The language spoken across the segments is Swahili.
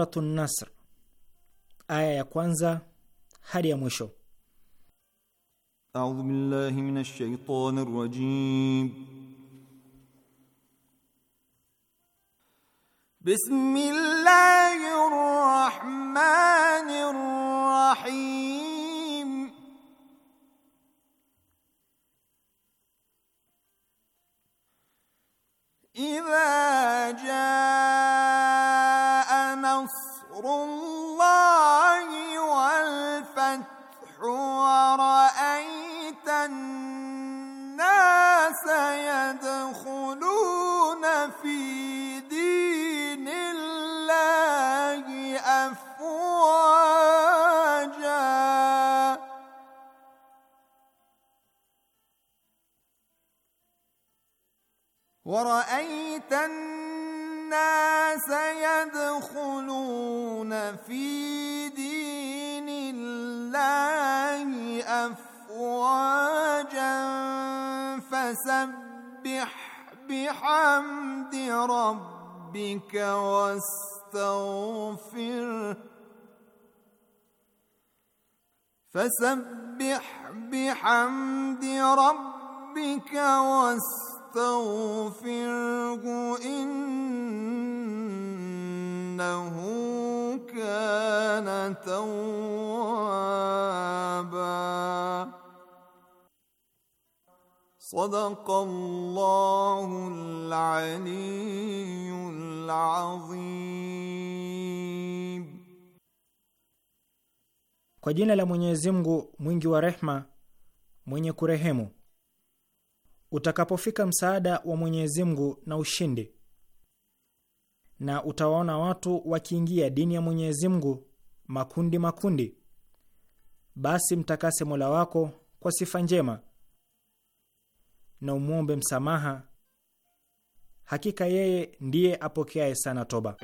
Suratun Nasr aya ya kwanza hadi ya mwisho. A'udhu billahi minash shaitanir rajim. Bismillah فسبح بحمد ربك واستغفره إنه كان توابا صدق الله العلي العظيم Kwa jina la Mwenyezi Mungu mwingi wa rehma mwenye kurehemu. Utakapofika msaada wa Mwenyezi Mungu na ushindi, na utawaona watu wakiingia dini ya Mwenyezi Mungu makundi makundi, basi mtakase Mola wako kwa sifa njema na umwombe msamaha, hakika yeye ndiye apokeaye sana toba.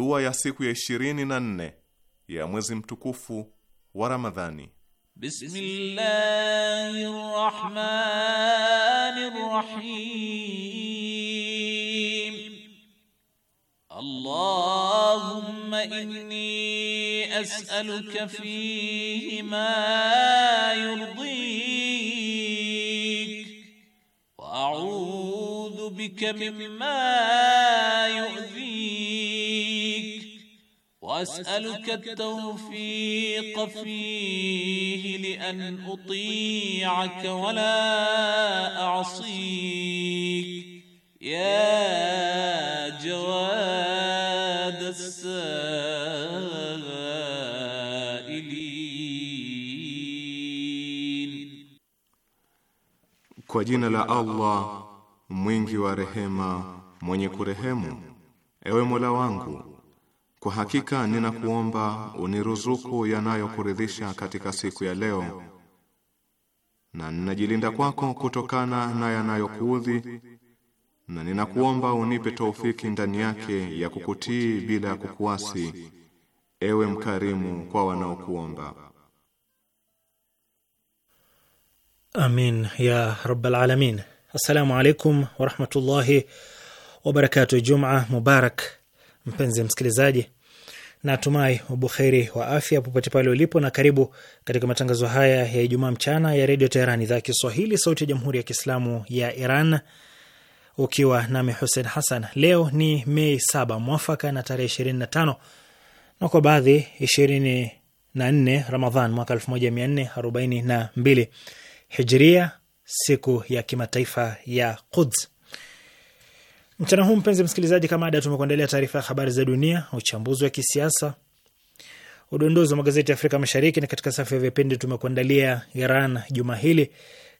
Dua ya siku ya ishirini na nne ya mwezi mtukufu wa Ramadhani. Bismillahirrahmanirrahim. Allahumma inni as'aluka fihi ma yurdik wa a'udhu bika mimma yu'dhik واسالك التوفيق فيه لان اطيعك ولا اعصيك يا جواد السائلين كوجين لا الله منجي ورحمه منيك رحمه ايوه مولا وانكو Kwa hakika ninakuomba uniruzuku yanayokuridhisha katika siku ya leo, na ninajilinda kwako kutokana na yanayokuudhi, na ninakuomba unipe taufiki ndani yake ya kukutii bila ya kukuasi, ewe mkarimu kwa wanaokuomba. Amin ya rabbal alamin. Assalamu alaikum warahmatullahi wabarakatuh. Juma mubarak, mpenzi msikilizaji. Natumai ubuheri wa afya popote pale ulipo, na karibu katika matangazo haya ya Ijumaa mchana ya Redio Teheran, idhaa ya Kiswahili, sauti ya Jamhuri ya Kiislamu ya Iran, ukiwa nami Hussein Hassan. Leo ni Mei saba mwafaka na tarehe ishirini na tano na kwa baadhi ishirini na nne Ramadhan mwaka elfu moja mia nne arobaini na mbili hijria, siku ya kimataifa ya Quds. Mchana huu mpenzi msikilizaji, kama ada, tumekuandalia taarifa ya habari za dunia, uchambuzi wa kisiasa, udondozi wa magazeti ya Afrika Mashariki, na katika safu ya vipindi tumekuandalia Iran juma hili.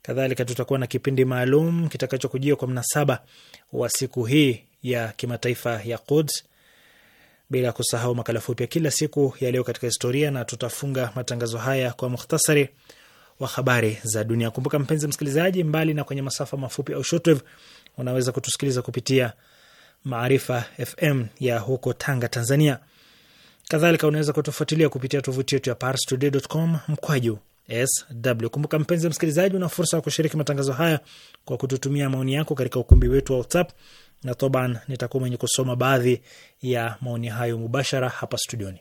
Kadhalika tutakuwa na kipindi maalum kitakachokujia kwa mnasaba wa siku hii ya kimataifa ya Quds, bila kusahau makala fupi ya kila siku ya leo katika historia, na tutafunga matangazo haya kwa muhtasari wa habari za dunia. Kumbuka mpenzi msikilizaji, mbali na kwenye masafa mafupi au shortwave unaweza kutusikiliza kupitia Maarifa FM ya huko Tanga, Tanzania. Kadhalika unaweza kutufuatilia kupitia tovuti yetu ya parstoday.com mkwaju sw. Kumbuka mpenzi msikilizaji, una fursa ya kushiriki matangazo haya kwa kututumia maoni yako katika ukumbi wetu wa WhatsApp na toban, nitakuwa mwenye kusoma baadhi ya maoni hayo mubashara hapa studioni.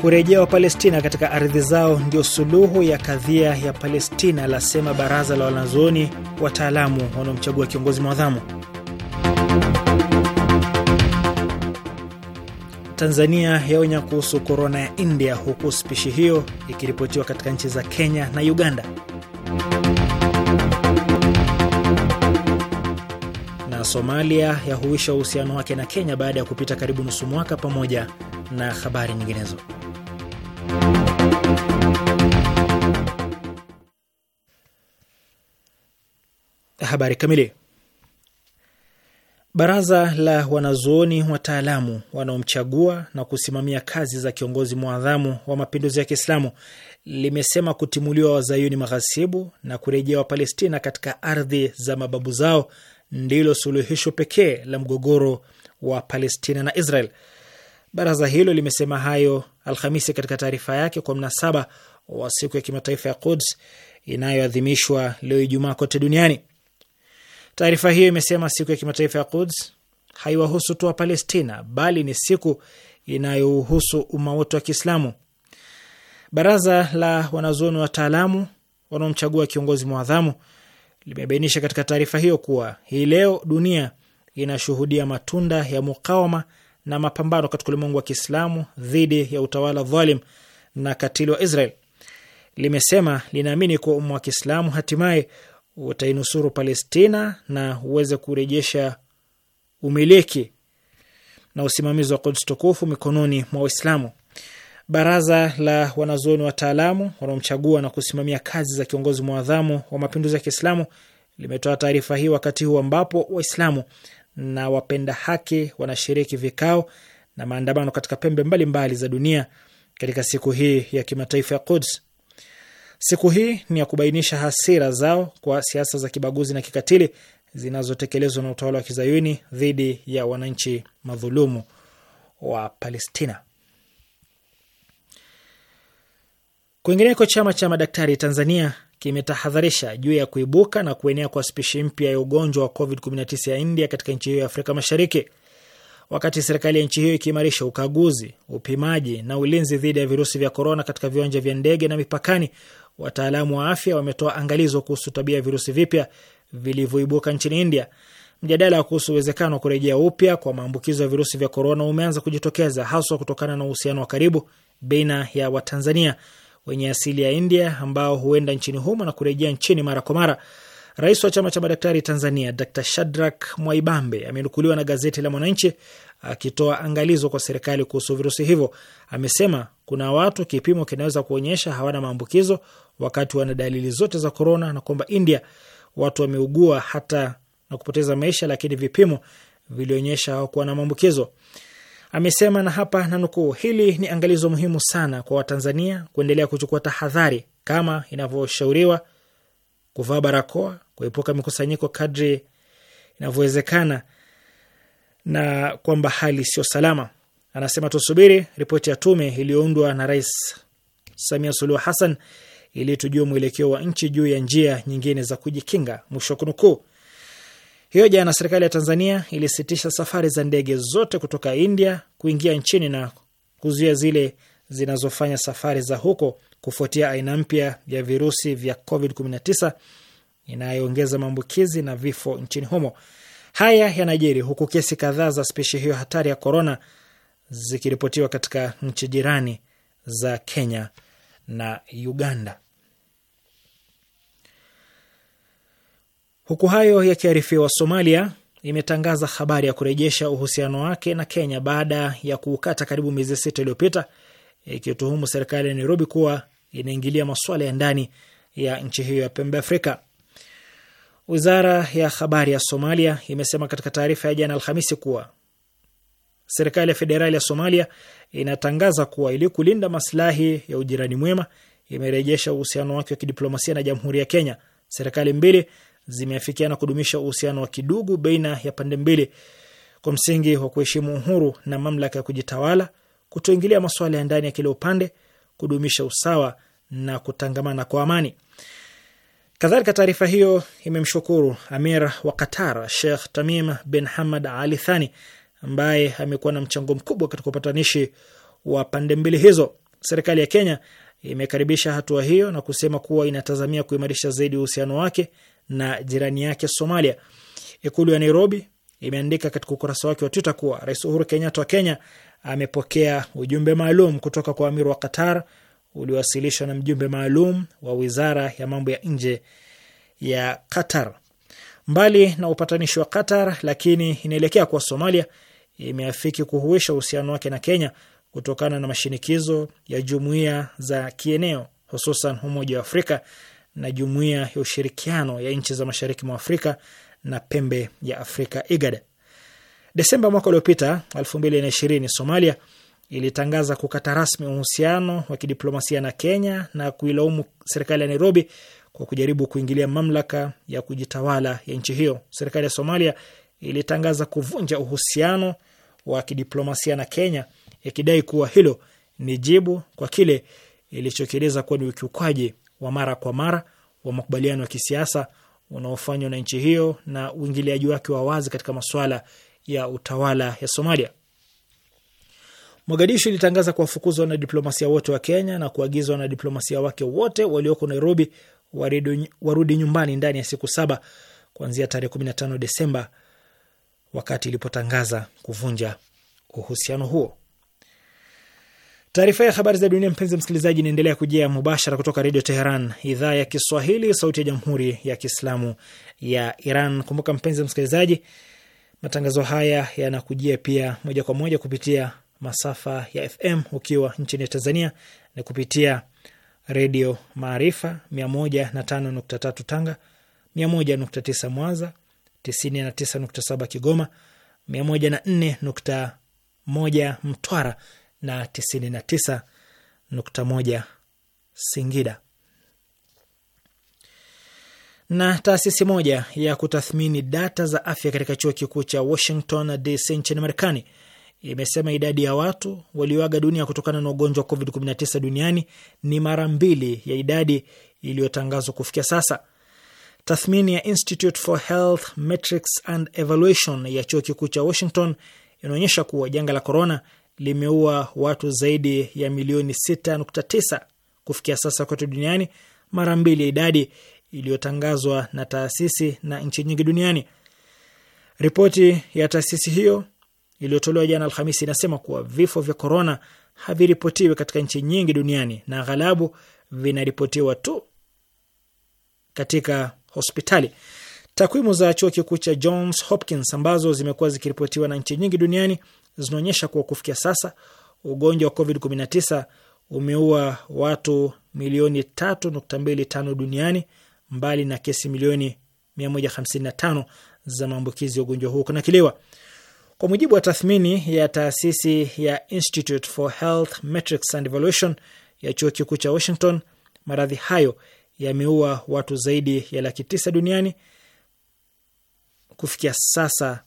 Kurejea Wapalestina katika ardhi zao ndio suluhu ya kadhia ya Palestina, lasema baraza la wanazuoni wataalamu wanaomchagua kiongozi mwadhamu. Tanzania yaonya kuhusu korona ya India, huku spishi hiyo ikiripotiwa katika nchi za Kenya na Uganda. Na Somalia yahuisha uhusiano wake na Kenya baada ya kupita karibu nusu mwaka, pamoja na habari nyinginezo. Habari kamili. Baraza la wanazuoni wataalamu wanaomchagua na kusimamia kazi za kiongozi mwadhamu wa mapinduzi ya Kiislamu limesema kutimuliwa wazayuni maghasibu na kurejea Wapalestina katika ardhi za mababu zao ndilo suluhisho pekee la mgogoro wa Palestina na Israel. Baraza hilo limesema hayo Alhamisi katika taarifa yake kwa mnasaba wa siku ya kimataifa ya Quds inayoadhimishwa leo Ijumaa kote duniani. Taarifa hiyo imesema siku ya kimataifa ya Quds haiwahusu tu wa Palestina bali ni siku inayohusu umma wote wa Kiislamu. Baraza la wanazuoni wataalamu wanaomchagua kiongozi mwadhamu limebainisha katika taarifa hiyo kuwa hii leo dunia inashuhudia matunda ya mukawama na mapambano katika ulimwengu wa Kiislamu dhidi ya utawala dhalim na katili wa Israel. Limesema linaamini kuwa umma wa Kiislamu hatimaye utainusuru Palestina na uweze kurejesha umiliki na usimamizi wa Quds tukufu mikononi mwa Waislamu. Baraza la wanazuoni wataalamu wanaomchagua na kusimamia kazi za kiongozi mwadhamu wa mapinduzi ya Kiislamu limetoa taarifa hii wakati huu ambapo Waislamu na wapenda haki wanashiriki vikao na maandamano katika pembe mbalimbali mbali za dunia katika siku hii ya kimataifa ya Quds. Siku hii ni ya kubainisha hasira zao kwa siasa za kibaguzi na kikatili zinazotekelezwa na utawala wa kizayuni dhidi ya wananchi madhulumu wa Palestina. Kwingineko, chama cha madaktari Tanzania kimetahadharisha juu ya kuibuka na kuenea kwa spishi mpya ya ugonjwa wa COVID-19 ya India katika nchi hiyo ya Afrika Mashariki. Wakati serikali ya nchi hiyo ikiimarisha ukaguzi, upimaji na ulinzi dhidi ya virusi vya korona katika viwanja vya ndege na mipakani, wataalamu wa afya wametoa angalizo kuhusu tabia ya virusi vipya vilivyoibuka nchini India. Mjadala kuhusu uwezekano wa kurejea upya kwa maambukizo ya virusi vya korona umeanza kujitokeza, haswa kutokana na uhusiano wa karibu baina ya Watanzania wenye asili ya India ambao huenda nchini humo na kurejea nchini mara kwa mara. Rais wa chama cha madaktari Tanzania Dr Shadrak Mwaibambe amenukuliwa na gazeti la Mwananchi akitoa angalizo kwa serikali kuhusu virusi hivyo. Amesema kuna watu kipimo kinaweza kuonyesha hawana maambukizo wakati wana dalili zote za korona, na kwamba India watu wameugua hata na kupoteza maisha, lakini vipimo vilionyesha hawakuwa na maambukizo. Amesema na hapa na nukuu, hili ni angalizo muhimu sana kwa Watanzania kuendelea kuchukua tahadhari kama inavyoshauriwa, kuvaa barakoa, kuepuka mikusanyiko kadri inavyowezekana, na kwamba hali sio salama. Anasema tusubiri ripoti ya tume iliyoundwa na Rais Samia Suluhu Hassan ili tujue mwelekeo wa nchi juu ya njia nyingine za kujikinga, mwisho kunukuu hiyo jana, serikali ya Tanzania ilisitisha safari za ndege zote kutoka India kuingia nchini na kuzuia zile zinazofanya safari za huko kufuatia aina mpya ya virusi vya COVID-19 inayoongeza maambukizi na vifo nchini humo. Haya yanajiri huku kesi kadhaa za spishi hiyo hatari ya korona zikiripotiwa katika nchi jirani za Kenya na Uganda. Huku hayo yakiarifiwa, Somalia imetangaza habari ya kurejesha uhusiano wake na Kenya baada ya kuukata karibu miezi sita iliyopita, ikituhumu serikali ya Nairobi kuwa inaingilia masuala ya ndani ya nchi hiyo ya pembe Afrika. Wizara ya habari ya Somalia imesema katika taarifa ya jana Alhamisi kuwa serikali ya federali ya Somalia inatangaza kuwa ili kulinda maslahi ya ujirani mwema imerejesha uhusiano wake wa kidiplomasia na jamhuri ya Kenya. Serikali mbili zimeafikiana kudumisha uhusiano wa kidugu baina ya pande mbili kwa msingi wa kuheshimu uhuru na mamlaka ya kujitawala, kutoingilia masuala ya ndani ya kila upande, kudumisha usawa na kutangamana kwa amani. Kadhalika, taarifa hiyo imemshukuru Amir wa Qatar Sheikh Tamim bin Hamad Ali Thani ambaye amekuwa na mchango mkubwa katika upatanishi wa pande mbili hizo. Serikali ya Kenya imekaribisha hatua hiyo na kusema kuwa inatazamia kuimarisha zaidi uhusiano wake na jirani yake Somalia. Ikulu ya Nairobi imeandika katika ukurasa wake wa Twitter kuwa Rais Uhuru Kenyatta wa Kenya amepokea ujumbe maalum kutoka kwa amir wa Qatar uliowasilishwa na mjumbe maalum wa wizara ya mambo ya nje ya Qatar. Mbali na upatanishi wa Qatar, lakini inaelekea kuwa Somalia imeafiki kuhuisha uhusiano wake na Kenya kutokana na mashinikizo ya jumuiya za kieneo, hususan Umoja wa Afrika na Jumuiya ya Ushirikiano ya Nchi za Mashariki mwa Afrika na Pembe ya Afrika, IGAD. Desemba mwaka uliopita 2020, Somalia ilitangaza kukata rasmi uhusiano wa kidiplomasia na Kenya na kuilaumu serikali ya Nairobi kwa kujaribu kuingilia mamlaka ya kujitawala ya nchi hiyo. Serikali ya Somalia ilitangaza kuvunja uhusiano wa kidiplomasia na Kenya ikidai kuwa hilo ni jibu kwa kile ilichokieleza kuwa ni ukiukwaji wa mara kwa mara wa makubaliano ya kisiasa unaofanywa na nchi hiyo na uingiliaji wake wa wazi katika masuala ya utawala ya Somalia. Mogadishu ilitangaza kuwafukuza wanadiplomasia wote wa Kenya na kuagiza wanadiplomasia wake wote walioko Nairobi warudi nyumbani ndani ya siku saba kuanzia tarehe 15 Desemba, wakati ilipotangaza kuvunja uhusiano huo. Taarifa ya habari za dunia, mpenzi msikilizaji, inaendelea kujia mubashara kutoka Redio Teheran, idhaa ya Kiswahili, sauti ya Jamhuri ya Kiislamu ya Iran. Kumbuka mpenzi msikilizaji, matangazo haya yanakujia pia moja kwa moja kupitia masafa ya FM ukiwa nchini Tanzania na kupitia Redio Maarifa 105.3 Tanga, 101.9 Mwanza, 99.7 Kigoma, 104.1 Mtwara na moja Singida. Na taasisi moja ya kutathmini data za afya katika chuo kikuu cha Washington DC nchini Marekani imesema idadi ya watu walioaga dunia kutokana na ugonjwa wa COVID-19 duniani ni mara mbili ya idadi iliyotangazwa kufikia sasa. Tathmini ya Institute for Health Metrics and Evaluation ya chuo kikuu cha Washington inaonyesha kuwa janga la korona limeua watu zaidi ya milioni 6.9 kufikia sasa kote duniani, mara mbili ya idadi iliyotangazwa na taasisi na nchi nyingi duniani. Ripoti ya taasisi hiyo iliyotolewa jana Alhamisi inasema kuwa vifo vya korona haviripotiwi katika nchi nyingi duniani na ghalabu vinaripotiwa tu katika hospitali. Takwimu za chuo kikuu cha Johns Hopkins ambazo zimekuwa zikiripotiwa na nchi nyingi duniani zinaonyesha kuwa kufikia sasa ugonjwa wa COVID-19 umeua watu milioni 3.25 duniani mbali na kesi milioni 155 za maambukizi ya ugonjwa huu kunakiliwa. Kwa mujibu wa tathmini ya taasisi ya Institute for Health Metrics and Evaluation ya chuo kikuu cha Washington, maradhi hayo yameua watu zaidi ya laki tisa duniani kufikia sasa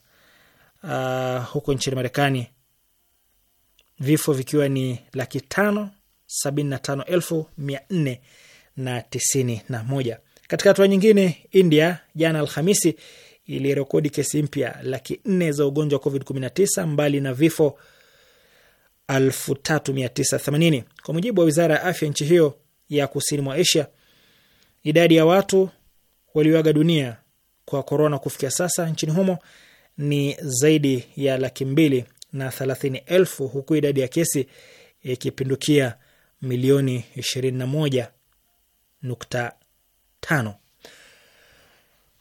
uh, huko nchini Marekani, vifo vikiwa ni laki tano sabini na tano elfu mia nne na tisini na moja. Katika hatua nyingine, India jana Alhamisi ilirekodi kesi mpya laki nne za ugonjwa wa COVID-19 mbali na vifo 3980 kwa mujibu wa wizara ya afya nchi hiyo ya kusini mwa Asia. Idadi ya watu walioaga dunia kwa korona kufikia sasa nchini humo ni zaidi ya laki mbili na thelathini elfu huku idadi ya kesi ikipindukia milioni ishirini na moja nukta tano.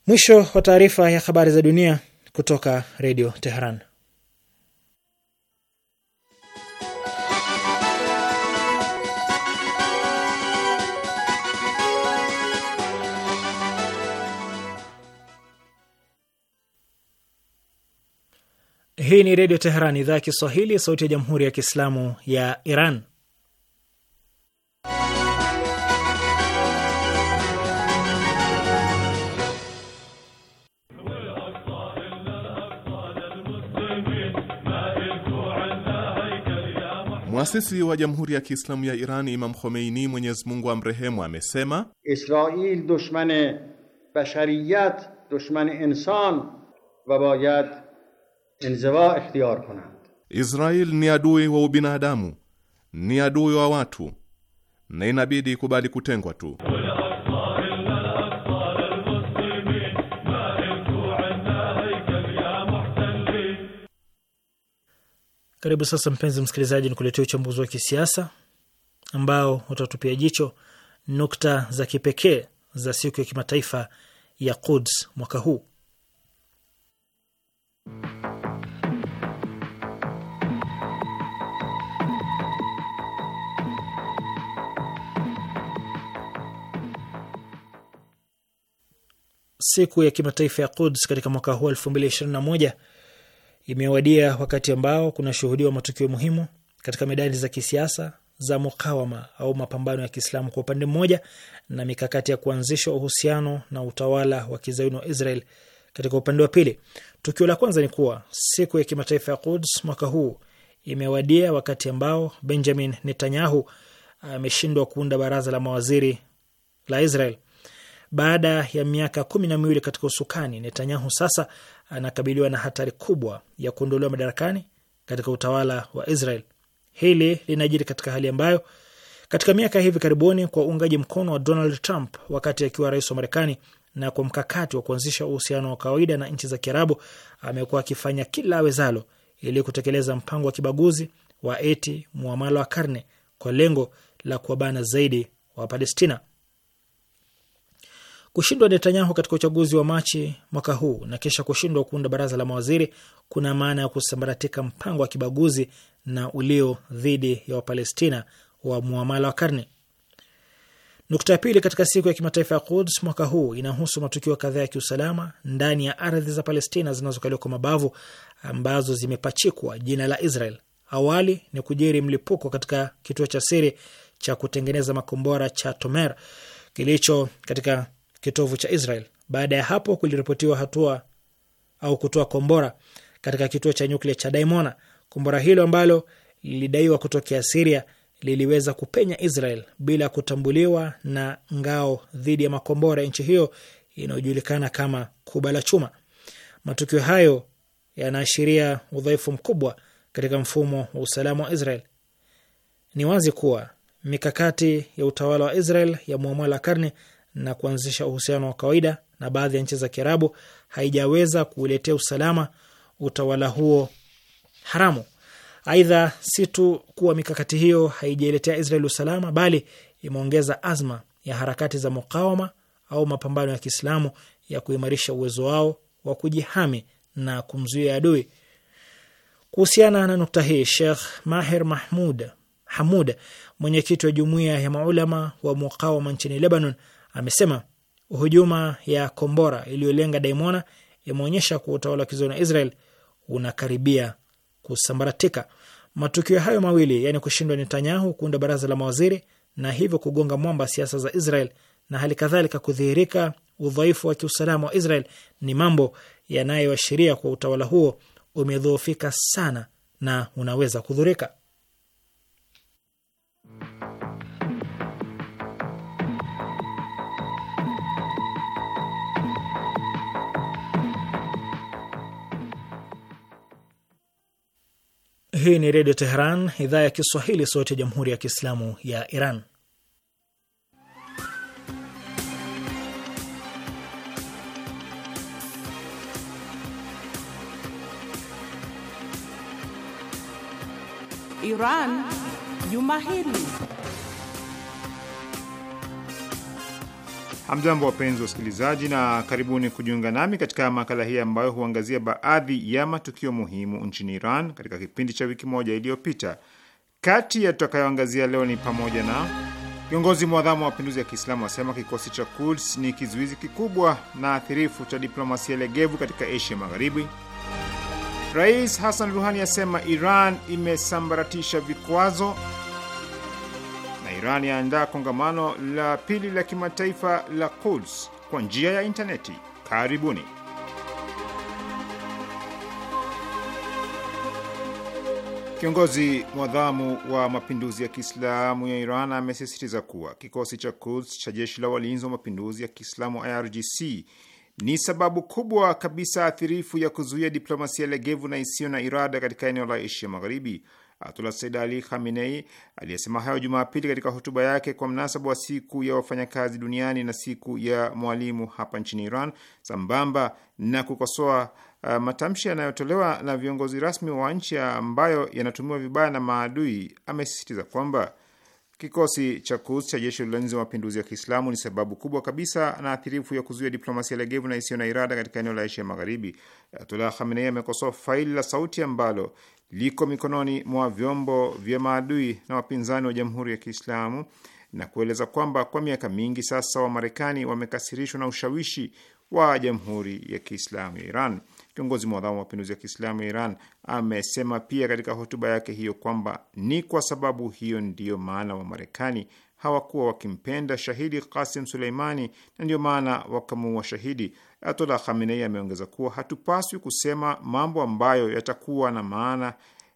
Mwisho wa taarifa ya habari za dunia kutoka Redio Teheran. Hii ni Redio Teheran, idhaa ya Kiswahili, sauti ya Jamhuri ya Kiislamu ya Iran. Mwasisi wa Jamhuri ya Kiislamu ya Iran Imam Khomeini, Mwenyezi Mungu amrehemu, amesema Israil dushman bashariyat dushman insan wa bayad انزوا Israel ni adui wa ubinadamu, ni adui wa watu na inabidi ikubali kutengwa tu. Karibu sasa, mpenzi msikilizaji, ni kuletea uchambuzi wa kisiasa ambao utatupia jicho nukta za kipekee za siku ya kimataifa ya Quds mwaka huu. siku ya kimataifa ya Quds katika mwaka huu 2021 imewadia wakati ambao kunashuhudiwa matukio muhimu katika medani za kisiasa za mukawama au mapambano ya Kiislamu kwa upande mmoja na mikakati ya kuanzisha uhusiano na utawala wa kizayuni wa Israel katika upande wa pili. Tukio la kwanza ni kuwa siku ya kimataifa ya Quds mwaka huu imewadia wakati ambao Benjamin Netanyahu ameshindwa kuunda baraza la mawaziri la Israel baada ya miaka kumi na miwili katika usukani, Netanyahu sasa anakabiliwa na hatari kubwa ya kuondolewa madarakani katika utawala wa Israel. Hili linajiri katika hali ambayo katika miaka hivi karibuni, kwa uungaji mkono wa Donald Trump wakati akiwa rais wa Marekani na kwa mkakati wa kuanzisha uhusiano wa kawaida na nchi za Kiarabu, amekuwa akifanya kila awezalo ili kutekeleza mpango wa kibaguzi wa eti muamala wa karne kwa lengo la kuwabana zaidi wa Palestina. Kushindwa Netanyahu katika uchaguzi wa Machi mwaka huu na kisha kushindwa kuunda baraza la mawaziri kuna maana ya kusambaratika mpango wa kibaguzi na ulio dhidi ya Wapalestina wa muamala wa karne. Nukta ya pili katika siku ya kimataifa ya Quds mwaka huu inahusu matukio kadhaa ya kiusalama ndani ya ardhi za Palestina zinazokaliwa kwa mabavu ambazo zimepachikwa jina la Israel. Awali ni kujiri mlipuko katika kituo cha siri cha kutengeneza makombora cha Tomer kilicho katika kitovu cha Israel. Baada ya hapo kuliripotiwa hatua au kutoa kombora katika kituo cha nyuklia cha Daimona. Kombora hilo ambalo lilidaiwa kutokea Siria liliweza kupenya Israel bila kutambuliwa na ngao dhidi ya makombora ya nchi hiyo inayojulikana kama kuba la chuma. Matukio hayo yanaashiria udhaifu mkubwa katika mfumo wa usalama wa Israel. Ni wazi kuwa mikakati ya utawala wa Israel ya mwamwala karne na kuanzisha uhusiano wa kawaida na baadhi ya nchi za Kiarabu haijaweza kuuletea usalama utawala huo haramu. Aidha, si tu kuwa mikakati hiyo haijailetea Israel usalama, bali imeongeza azma ya harakati za mukawama au mapambano ya Kiislamu ya kuimarisha uwezo wao wa kujihami na kumzuia adui. Kuhusiana na nukta hii, Shekh Maher Mahmud Hamud, mwenyekiti wa jumuiya ya maulama wa mukawama nchini Lebanon, amesema hujuma ya kombora iliyolenga Daimona imeonyesha kuwa utawala wa kizayuni wa Israel unakaribia kusambaratika. Matukio hayo mawili yaani kushindwa Netanyahu kuunda baraza la mawaziri na hivyo kugonga mwamba siasa za Israel na hali kadhalika kudhihirika udhaifu wa kiusalama wa Israel ni mambo yanayoashiria kuwa utawala huo umedhoofika sana na unaweza kudhurika. Hii ni Redio Teheran, idhaa ya Kiswahili, sauti ya Jamhuri ya Kiislamu ya Iran. Iran Juma Hili. Hamjambo, wapenzi wa usikilizaji na karibuni kujiunga nami katika makala hii ambayo huangazia baadhi ya matukio muhimu nchini Iran katika kipindi cha wiki moja iliyopita. Kati ya tutakayoangazia leo ni pamoja na kiongozi mwadhamu wa mapinduzi ya Kiislamu asema kikosi cha Quds ni kizuizi kikubwa na athirifu cha diplomasia legevu katika Asia Magharibi. Rais Hassan Ruhani asema Iran imesambaratisha vikwazo Iran yaandaa kongamano la pili la kimataifa la Quds kwa njia ya intaneti. Karibuni. Kiongozi mwadhamu wa mapinduzi ya Kiislamu ya Iran amesisitiza kuwa kikosi cha Quds cha jeshi la walinzi wa mapinduzi ya Kiislamu IRGC ni sababu kubwa kabisa athirifu ya kuzuia diplomasia legevu na isiyo na irada katika eneo la Asia Magharibi. Ayatullah Said Ali Khamenei aliyesema hayo Jumapili katika hotuba yake kwa mnasaba wa siku ya wafanyakazi duniani na siku ya mwalimu hapa nchini Iran, sambamba na kukosoa uh, matamshi yanayotolewa na viongozi rasmi wa nchi ambayo yanatumiwa vibaya na maadui, amesisitiza kwamba Kikosi cha Quds cha jeshi la ulinzi wa mapinduzi ya Kiislamu ni sababu kubwa kabisa na athirifu ya kuzuia diplomasia legevu na isiyo na irada katika eneo la Asia Magharibi. Ayatullah Khamenei amekosoa faili la sauti ambalo liko mikononi mwa vyombo vya maadui na wapinzani wa Jamhuri ya Kiislamu na kueleza kwamba kwa miaka mingi sasa Wamarekani wamekasirishwa na ushawishi wa Jamhuri ya Kiislamu ya Iran. Kiongozi mwadhamu wa mapinduzi ya Kiislamu ya Iran amesema pia katika hotuba yake hiyo kwamba ni kwa sababu hiyo ndiyo maana Wamarekani hawakuwa wakimpenda shahidi Kasim Suleimani na ndiyo maana wakamuua shahidi. Ayatollah Khamenei ameongeza kuwa hatupaswi kusema mambo ambayo yatakuwa na maana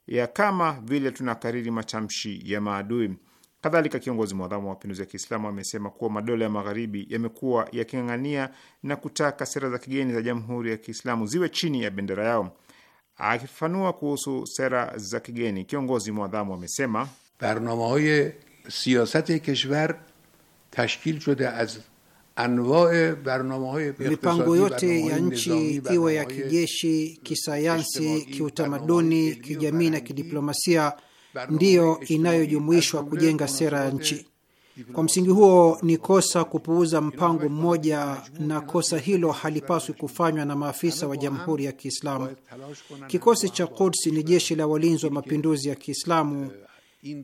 ya kama vile tunakariri matamshi ya maadui. Kadhalika, kiongozi mwadhamu wa mapinduzi ya Kiislamu amesema kuwa madola ya magharibi yamekuwa yaking'ang'ania na kutaka sera za kigeni za Jamhuri ya Kiislamu ziwe chini ya bendera yao. Akifafanua kuhusu sera za kigeni, kiongozi mwadhamu amesema barnamahoye siyasati kishvar tashkil shode az mipango yote ya nchi iwe ya kijeshi, kisayansi, kiutamaduni, kijamii na kidiplomasia ndiyo inayojumuishwa kujenga sera ya nchi. Kwa msingi huo ni kosa kupuuza mpango mmoja, na kosa hilo halipaswi kufanywa na maafisa wa Jamhuri ya Kiislamu. Kikosi cha Quds ni jeshi la walinzi wa mapinduzi ya Kiislamu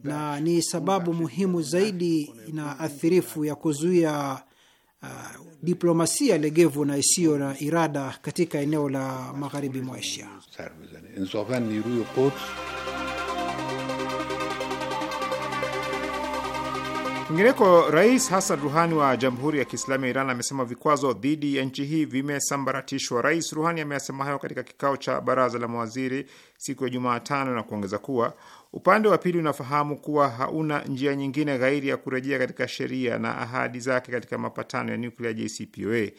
na ni sababu muhimu zaidi na athirifu ya kuzuia uh, diplomasia legevu na isiyo na irada katika eneo la magharibi mwa Asia. Kwingineko, Rais Hasan Ruhani wa Jamhuri ya Kiislamu ya Iran amesema vikwazo dhidi ya nchi hii vimesambaratishwa. Rais Ruhani ameyasema hayo katika kikao cha baraza la mawaziri siku ya Jumatano na kuongeza kuwa upande wa pili unafahamu kuwa hauna njia nyingine ghairi ya kurejea katika sheria na ahadi zake katika mapatano ya nuklia JCPOA.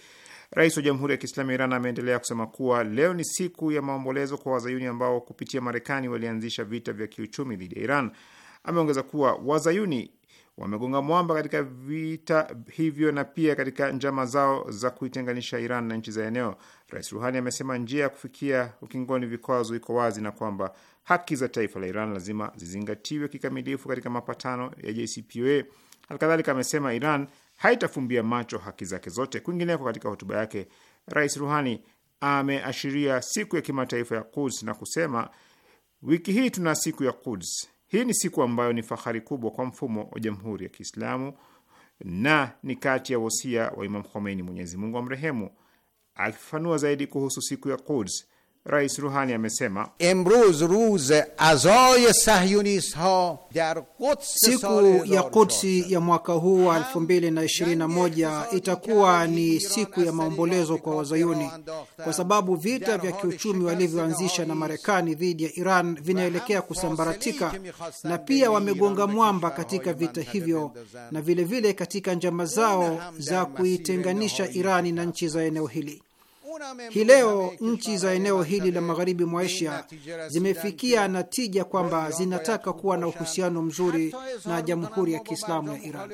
Rais wa Jamhuri ya Kiislamu ya Iran ameendelea kusema kuwa leo ni siku ya maombolezo kwa wazayuni ambao kupitia Marekani walianzisha vita vya kiuchumi dhidi ya Iran. Ameongeza kuwa wazayuni wamegonga mwamba katika vita hivyo na pia katika njama zao za kuitenganisha Iran na nchi za eneo. Rais Ruhani amesema njia ya kufikia ukingoni vikwazo iko wazi na kwamba haki za taifa la Iran lazima zizingatiwe kikamilifu katika mapatano ya JCPOA. Halikadhalika amesema Iran haitafumbia macho haki zake zote. Kwingineko, katika hotuba yake, Rais Ruhani ameashiria siku ya kimataifa ya Quds na kusema, wiki hii tuna siku ya Quds hii ni siku ambayo ni fahari kubwa kwa mfumo wa Jamhuri ya Kiislamu na ni kati ya wosia wa Imam Khomeini, Mwenyezi Mungu amrehemu. Akifafanua zaidi kuhusu siku ya Quds, Rais Ruhani amesema siku ya kutsi ya mwaka huu wa 2021 itakuwa ni siku ya maombolezo kwa Wazayuni kwa sababu vita vya kiuchumi walivyoanzisha na Marekani dhidi ya Iran vinaelekea kusambaratika, na pia wamegonga mwamba katika vita hivyo na vilevile vile katika njama zao za kuitenganisha Irani na nchi za eneo hili. Hii leo nchi za eneo hili la magharibi mwa Asia zimefikia natija kwamba zinataka kuwa na uhusiano mzuri na Jamhuri ya Kiislamu ya Iran.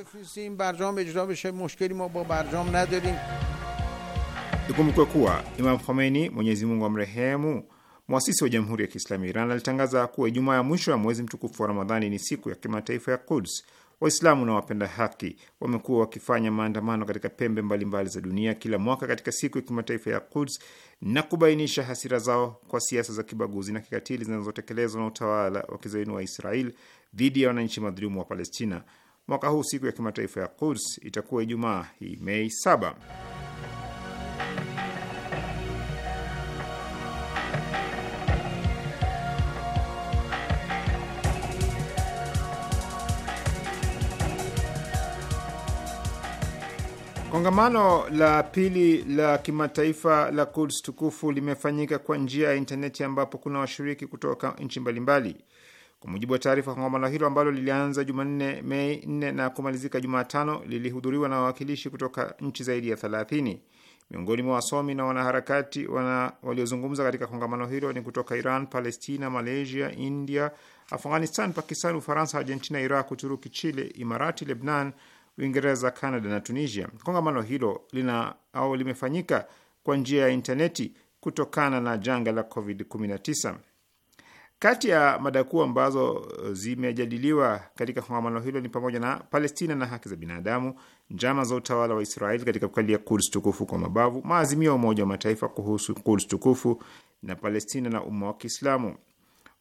Ikumbukwe kuwa Imam Khomeini, Mwenyezi Mungu amrehemu, mwasisi wa Jamhuri ya Kiislamu ya Iran, alitangaza kuwa Ijumaa ya mwisho ya mwezi mtukufu wa Ramadhani ni siku ya kimataifa ya Quds Waislamu na wapenda haki wamekuwa wakifanya maandamano katika pembe mbalimbali mbali za dunia kila mwaka katika siku ya kimataifa ya Quds na kubainisha hasira zao kwa siasa za kibaguzi na kikatili zinazotekelezwa na utawala wa kizaini wa Israel dhidi ya wananchi madhulumu wa Palestina. Mwaka huu siku ya kimataifa ya Quds itakuwa Ijumaa hii Mei saba. Kongamano la pili la kimataifa la Quds tukufu limefanyika kwa njia ya intaneti ambapo kuna washiriki kutoka nchi mbalimbali. Kwa mujibu wa taarifa, kongamano hilo ambalo lilianza Jumanne Mei 4 na kumalizika Jumatano lilihudhuriwa na wawakilishi kutoka nchi zaidi ya 30 Miongoni mwa wasomi na wanaharakati wana, waliozungumza katika kongamano hilo ni kutoka Iran, Palestina, Malaysia, India, Afghanistan, Pakistan, Ufaransa, Argentina, Iraq, Uturuki, Chile, Imarati, Lebnan, Uingereza, Canada na Tunisia. Kongamano hilo lina au limefanyika kwa njia ya intaneti kutokana na janga la COVID-19. Kati ya mada kuu ambazo zimejadiliwa katika kongamano hilo ni pamoja na Palestina na haki za binadamu, njama za utawala wa Israeli katika kukalia Kuds tukufu kwa mabavu, maazimio ya Umoja wa Mataifa kuhusu Kuds tukufu na Palestina na umma wa Kiislamu.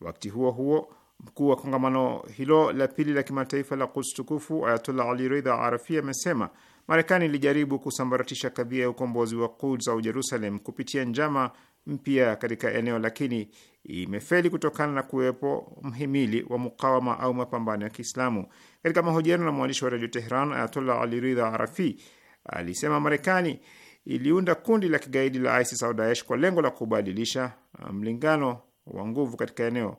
Wakati huo huo, Mkuu wa kongamano hilo la pili la kimataifa la Quds tukufu Ayatollah Ali Ridha Arafi amesema Marekani ilijaribu kusambaratisha kadhia ya ukombozi wa Quds au Jerusalem kupitia njama mpya katika eneo, lakini imefeli kutokana na kuwepo mhimili wa mukawama au mapambano ya Kiislamu. Katika mahojiano na mwandishi wa redio Tehran, Ayatollah Ali Ridha Arafi alisema Marekani iliunda kundi la kigaidi la ISIS au Daesh kwa lengo la kubadilisha um, mlingano wa nguvu katika eneo.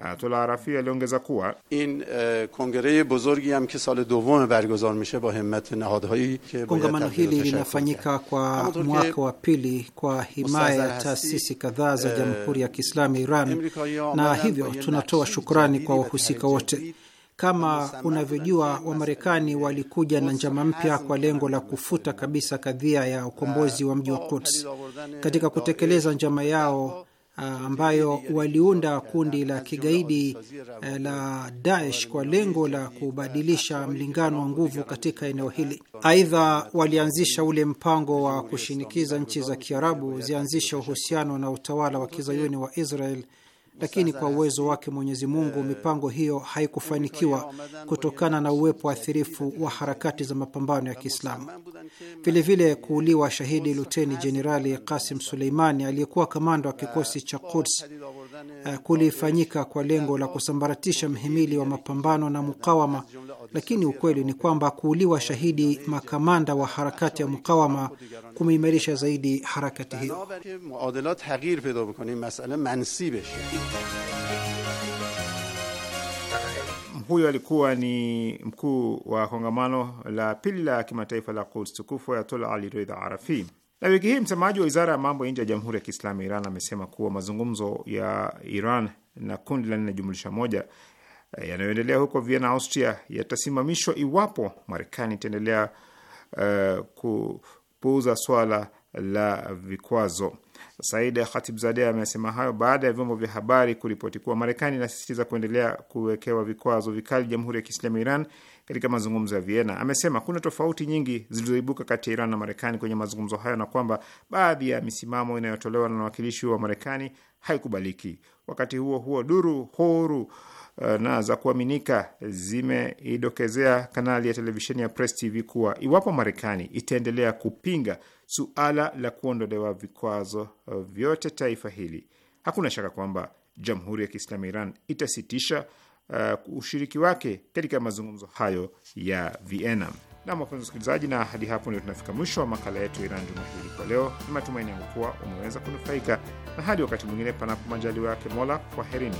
Ayatola Arafi aliongeza kuwa in uh, kongere bozorgi am ke sal dovom bargazar mishe ba himmat nahadhai ke kongamano hili linafanyika kwa mwaka wa pili kwa himaya ya taasisi kadhaa za uh, Jamhuri ya Kiislamu Iran, na hivyo tunatoa shukrani kwa wahusika wote. Kama unavyojua, Wamarekani walikuja na njama mpya kwa lengo la kufuta kabisa kadhia ya ukombozi wa mji wa Quds. Katika kutekeleza njama yao Uh, ambayo waliunda kundi la kigaidi uh, la Daesh kwa lengo la kubadilisha mlingano wa nguvu katika eneo hili. Aidha, walianzisha ule mpango wa kushinikiza nchi za Kiarabu zianzishe uhusiano na utawala wa kizayuni wa Israel lakini kwa uwezo wake Mwenyezi Mungu eh, mipango hiyo haikufanikiwa kutokana na uwepo athirifu wa harakati za mapambano ya Kiislamu. Vilevile kuuliwa shahidi Luteni Jenerali Kasim Suleimani aliyekuwa kamanda wa eh, kikosi cha Quds Eh, kulifanyika kwa lengo la kusambaratisha mhimili wa mapambano na mukawama, lakini ukweli ni kwamba kuuliwa shahidi makamanda wa harakati ya mukawama kumeimarisha zaidi harakati hiyo. Huyo alikuwa ni mkuu wa kongamano la pili la kimataifa la Quds tukufu Ayatollah Ali Ridha Arafi. Na wiki hii msemaji wa wizara ya mambo ya nje ya Jamhuri ya Kiislamu ya Iran amesema kuwa mazungumzo ya Iran na kundi la nne jumlisha moja eh, yanayoendelea huko Vienna, Austria yatasimamishwa iwapo Marekani itaendelea uh, kupuuza swala la vikwazo. Said Khatibzadeh amesema hayo baada ya vyombo vya habari kuripoti kuwa Marekani inasisitiza kuendelea kuwekewa vikwazo vikali Jamhuri ya Kiislamu ya Iran katika mazungumzo ya Vienna. Amesema kuna tofauti nyingi zilizoibuka kati ya Iran na Marekani kwenye mazungumzo hayo na kwamba baadhi ya misimamo inayotolewa na wawakilishi wa Marekani haikubaliki. Wakati huo huo, duru huru eh, na za kuaminika zimeidokezea kanali ya televisheni ya Press TV kuwa iwapo Marekani itaendelea kupinga suala la kuondolewa vikwazo uh, vyote taifa hili. Hakuna shaka kwamba Jamhuri ya Kiislamu ya Iran itasitisha uh, ushiriki wake katika mazungumzo hayo ya Vienna. Na wapenzi wasikilizaji, na hadi hapo ndio tunafika mwisho wa makala yetu ya Iran juma hili kwa leo. Ni matumaini yangu kuwa umeweza kunufaika, na hadi wakati mwingine, panapo majaliwa yake Mola, kwaherini.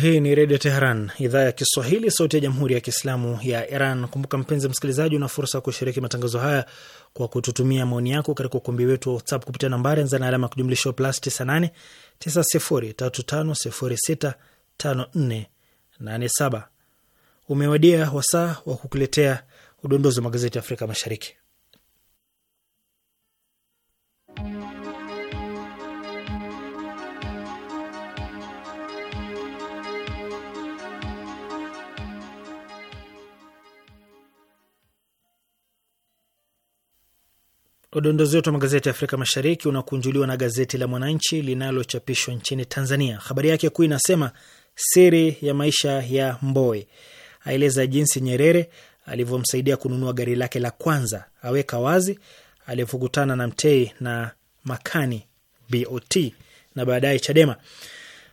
Hii ni Redio Teheran, idhaa ya Kiswahili, sauti ya Jamhuri ya Kiislamu ya Iran. Kumbuka mpenzi msikilizaji, una fursa ya kushiriki matangazo haya kwa kututumia maoni yako katika ukumbi wetu wa WhatsApp kupitia nambari anza na alama ya kujumlisha plus 98 9035065487. Umewadia wasaa wa kukuletea udondozi wa magazeti ya Afrika Mashariki. Udondozi wetu wa magazeti ya Afrika Mashariki unakunjuliwa na gazeti la Mwananchi linalochapishwa nchini Tanzania. Habari yake kuu inasema siri ya maisha ya mboe aeleza jinsi Nyerere alivyomsaidia kununua gari lake la kwanza, aweka wazi alivyokutana na Mtei na Makani BOT na baadaye Chadema.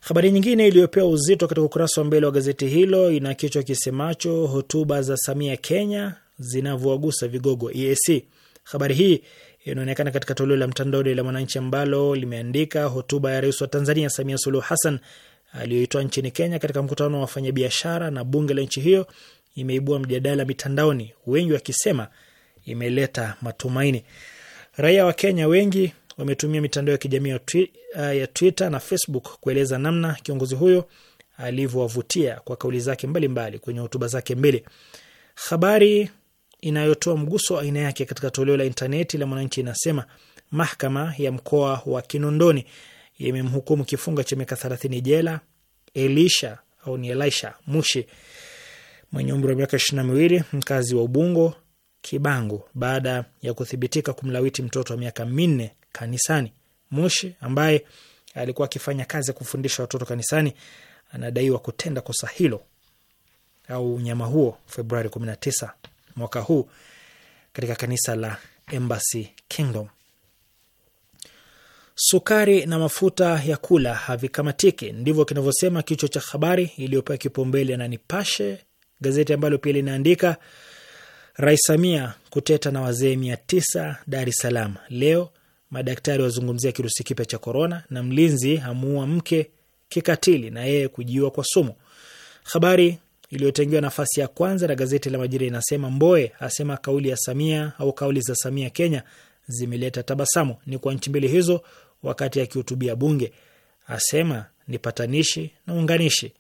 Habari nyingine iliyopewa uzito katika ukurasa wa mbele wa gazeti hilo ina kichwa kisemacho hotuba za Samia Kenya zinavyowagusa vigogo EAC. Habari hii inaonekana katika toleo la mtandaoni la Mwananchi ambalo limeandika hotuba ya rais wa Tanzania Samia Suluhu Hassan aliyoitoa nchini Kenya katika mkutano wa wafanyabiashara na bunge la nchi hiyo imeibua mjadala mitandaoni, wengi wakisema imeleta matumaini. Raia wa Kenya wengi wametumia mitandao ya kijamii ya eh, Twitter na Facebook kueleza namna kiongozi huyo alivyowavutia kwa kauli zake mbalimbali kwenye hotuba zake mbili. Habari inayotoa mguso wa aina yake katika toleo la intaneti la Mwananchi inasema mahakama ya mkoa wa Kinondoni imemhukumu kifunga cha miaka thelathini jela Elisha au ni Elisha Mushi mwenye umri wa miaka ishirini na miwili mkazi wa Ubungo Kibangu baada ya kuthibitika kumlawiti mtoto wa miaka minne kanisani. Mushi ambaye alikuwa akifanya kazi ya kufundisha watoto kanisani anadaiwa kutenda kosa hilo au unyama huo Februari tisa mwaka huu katika kanisa la Embassy Kingdom. Sukari na mafuta ya kula havikamatiki, ndivyo kinavyosema kichwa cha habari iliyopewa kipaumbele na Nipashe, gazeti ambalo pia linaandika Rais Samia kuteta na wazee mia tisa Dar es Salaam leo, madaktari wazungumzia kirusi kipya cha korona, na mlinzi amuua mke kikatili na yeye kujiua kwa sumu. Habari iliyotengewa nafasi ya kwanza na gazeti la Majira inasema Mboe asema kauli ya Samia au kauli za Samia Kenya zimeleta tabasamu ni kwa nchi mbili hizo. Wakati akihutubia bunge asema ni patanishi na unganishi,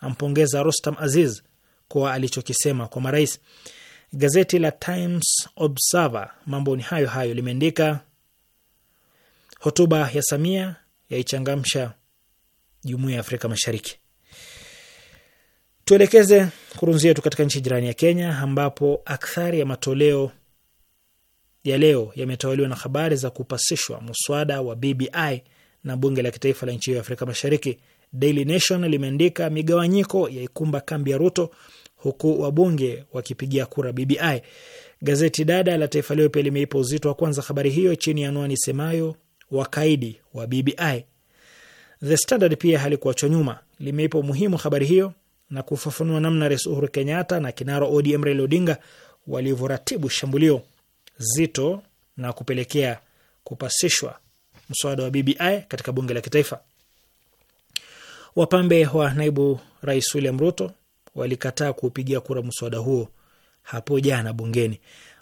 ampongeza Rostam Aziz kwa alichokisema kwa marais. Gazeti la Times Observer mambo ni hayo hayo limeandika hotuba ya Samia yaichangamsha jumuiya ya Afrika Mashariki. Tuelekeze kurunzi yetu katika nchi jirani ya Kenya, ambapo akthari ya matoleo ya leo yametawaliwa na habari za kupasishwa muswada wa BBI na bunge la kitaifa la nchi hiyo ya Afrika Mashariki. Daily Nation limeandika migawanyiko ya ikumba kambi ya Ruto, huku wabunge wakipigia kura BBI. Gazeti dada la Taifa Leo pia limeipa uzito wa kwanza habari hiyo chini ya anwani semayo wakaidi wa BBI. The Standard pia halikuachwa nyuma, limeipa umuhimu habari hiyo na kufafanua namna Rais Uhuru Kenyatta na kinara ODM Raila Odinga walivyoratibu shambulio zito na kupelekea kupasishwa mswada wa BBI katika bunge la kitaifa. Wapambe wa naibu rais William Ruto walikataa kuupigia kura mswada huo hapo jana bungeni.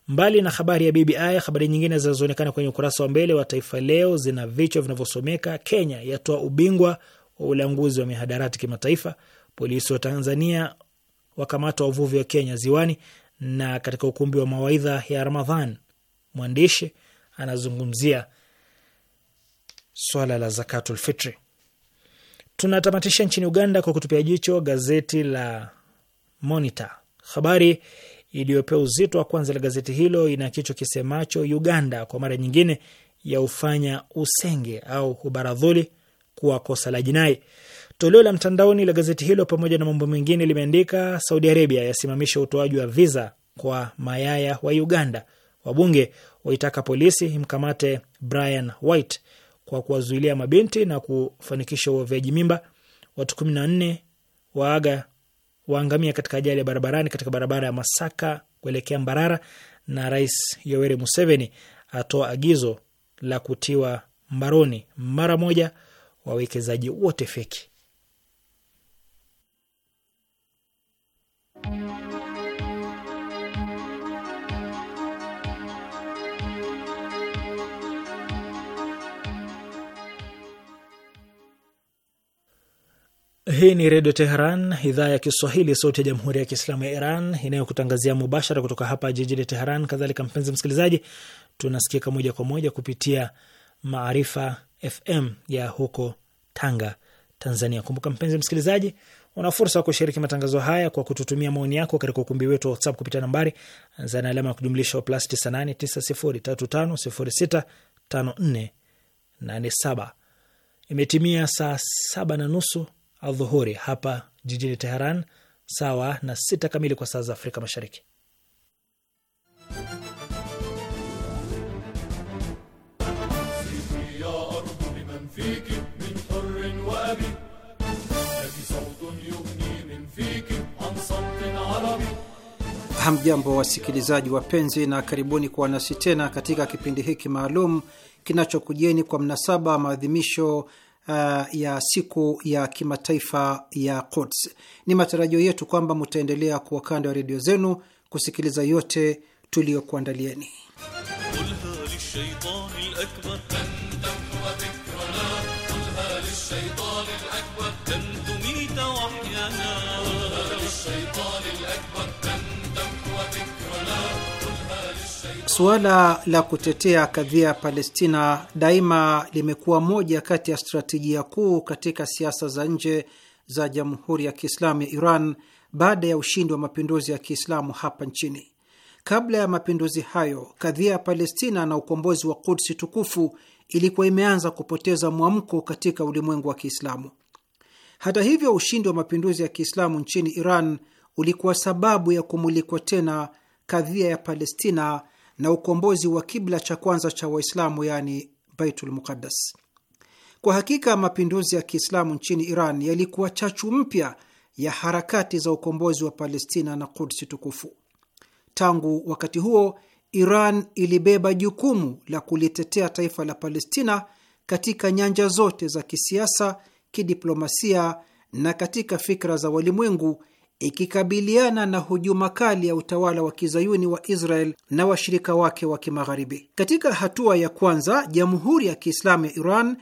Mbali na habari ya BBI, habari nyingine zinazoonekana kwenye ukurasa wa mbele wa Taifa Leo zina vichwa vinavyosomeka: Kenya yatoa ubingwa wa ulanguzi wa mihadarati kimataifa, Polisi wa Tanzania wakamata wavuvi wa Kenya ziwani. Na katika ukumbi wa mawaidha ya Ramadhan, mwandishi anazungumzia swala la zakatul fitri. Tunatamatisha nchini Uganda kwa kutupia jicho gazeti la Monitor. Habari iliyopewa uzito wa kwanza la gazeti hilo ina kichwa kisemacho Uganda kwa mara nyingine ya ufanya usenge au ubaradhuli kuwa kosa la jinai. Toleo la mtandaoni la gazeti hilo pamoja na mambo mengine limeandika Saudi Arabia yasimamisha utoaji wa viza kwa mayaya wa Uganda. Wabunge waitaka polisi imkamate Brian White kwa kuwazuilia mabinti na kufanikisha uoveaji mimba. Watu kumi na nne waaga waangamia katika ajali ya barabarani katika barabara ya Masaka kuelekea Mbarara. Na Rais Yoweri Museveni atoa agizo la kutiwa mbaroni mara moja wawekezaji wote feki. Hii ni Redio Teheran, idhaa ya Kiswahili, sauti ya Jamhuri ya Kiislamu ya Iran, inayokutangazia mubashara kutoka hapa jijini Teheran. Kadhalika mpenzi msikilizaji, tunasikika moja kwa moja kupitia Maarifa FM ya huko Tanga, Tanzania. Kumbuka mpenzi msikilizaji Una fursa ya kushiriki matangazo haya kwa kututumia maoni yako katika ukumbi wetu wa WhatsApp kupitia nambari za na alama ya kujumlisha plus 989035065487. Imetimia saa saba na nusu adhuhuri hapa jijini Teheran, sawa na sita kamili kwa saa za Afrika Mashariki. Hamjambo wasikilizaji wapenzi, na karibuni kuwa nasi tena katika kipindi hiki maalum kinachokujieni kwa mnasaba maadhimisho uh, ya siku ya kimataifa ya Quds. Ni matarajio yetu kwamba mtaendelea kuwa kando ya redio zenu kusikiliza yote tuliyokuandalieni. Suala la kutetea kadhia ya Palestina daima limekuwa moja kati ya stratejia kuu katika siasa za nje za Jamhuri ya Kiislamu ya Iran baada ya ushindi wa mapinduzi ya Kiislamu hapa nchini. Kabla ya mapinduzi hayo, kadhia ya Palestina na ukombozi wa Kudsi tukufu ilikuwa imeanza kupoteza mwamko katika ulimwengu wa Kiislamu. Hata hivyo, ushindi wa mapinduzi ya Kiislamu nchini Iran ulikuwa sababu ya kumulikwa tena kadhia ya Palestina na ukombozi wa kibla cha kwanza cha Waislamu, yaani Baitul Muqaddas. Kwa hakika mapinduzi ya Kiislamu nchini Iran yalikuwa chachu mpya ya harakati za ukombozi wa Palestina na Kudsi tukufu. Tangu wakati huo, Iran ilibeba jukumu la kulitetea taifa la Palestina katika nyanja zote za kisiasa, kidiplomasia na katika fikra za walimwengu ikikabiliana na hujuma kali ya utawala wa kizayuni wa Israel na washirika wake wa kimagharibi. Katika hatua ya kwanza, Jamhuri ya Kiislamu ya Iran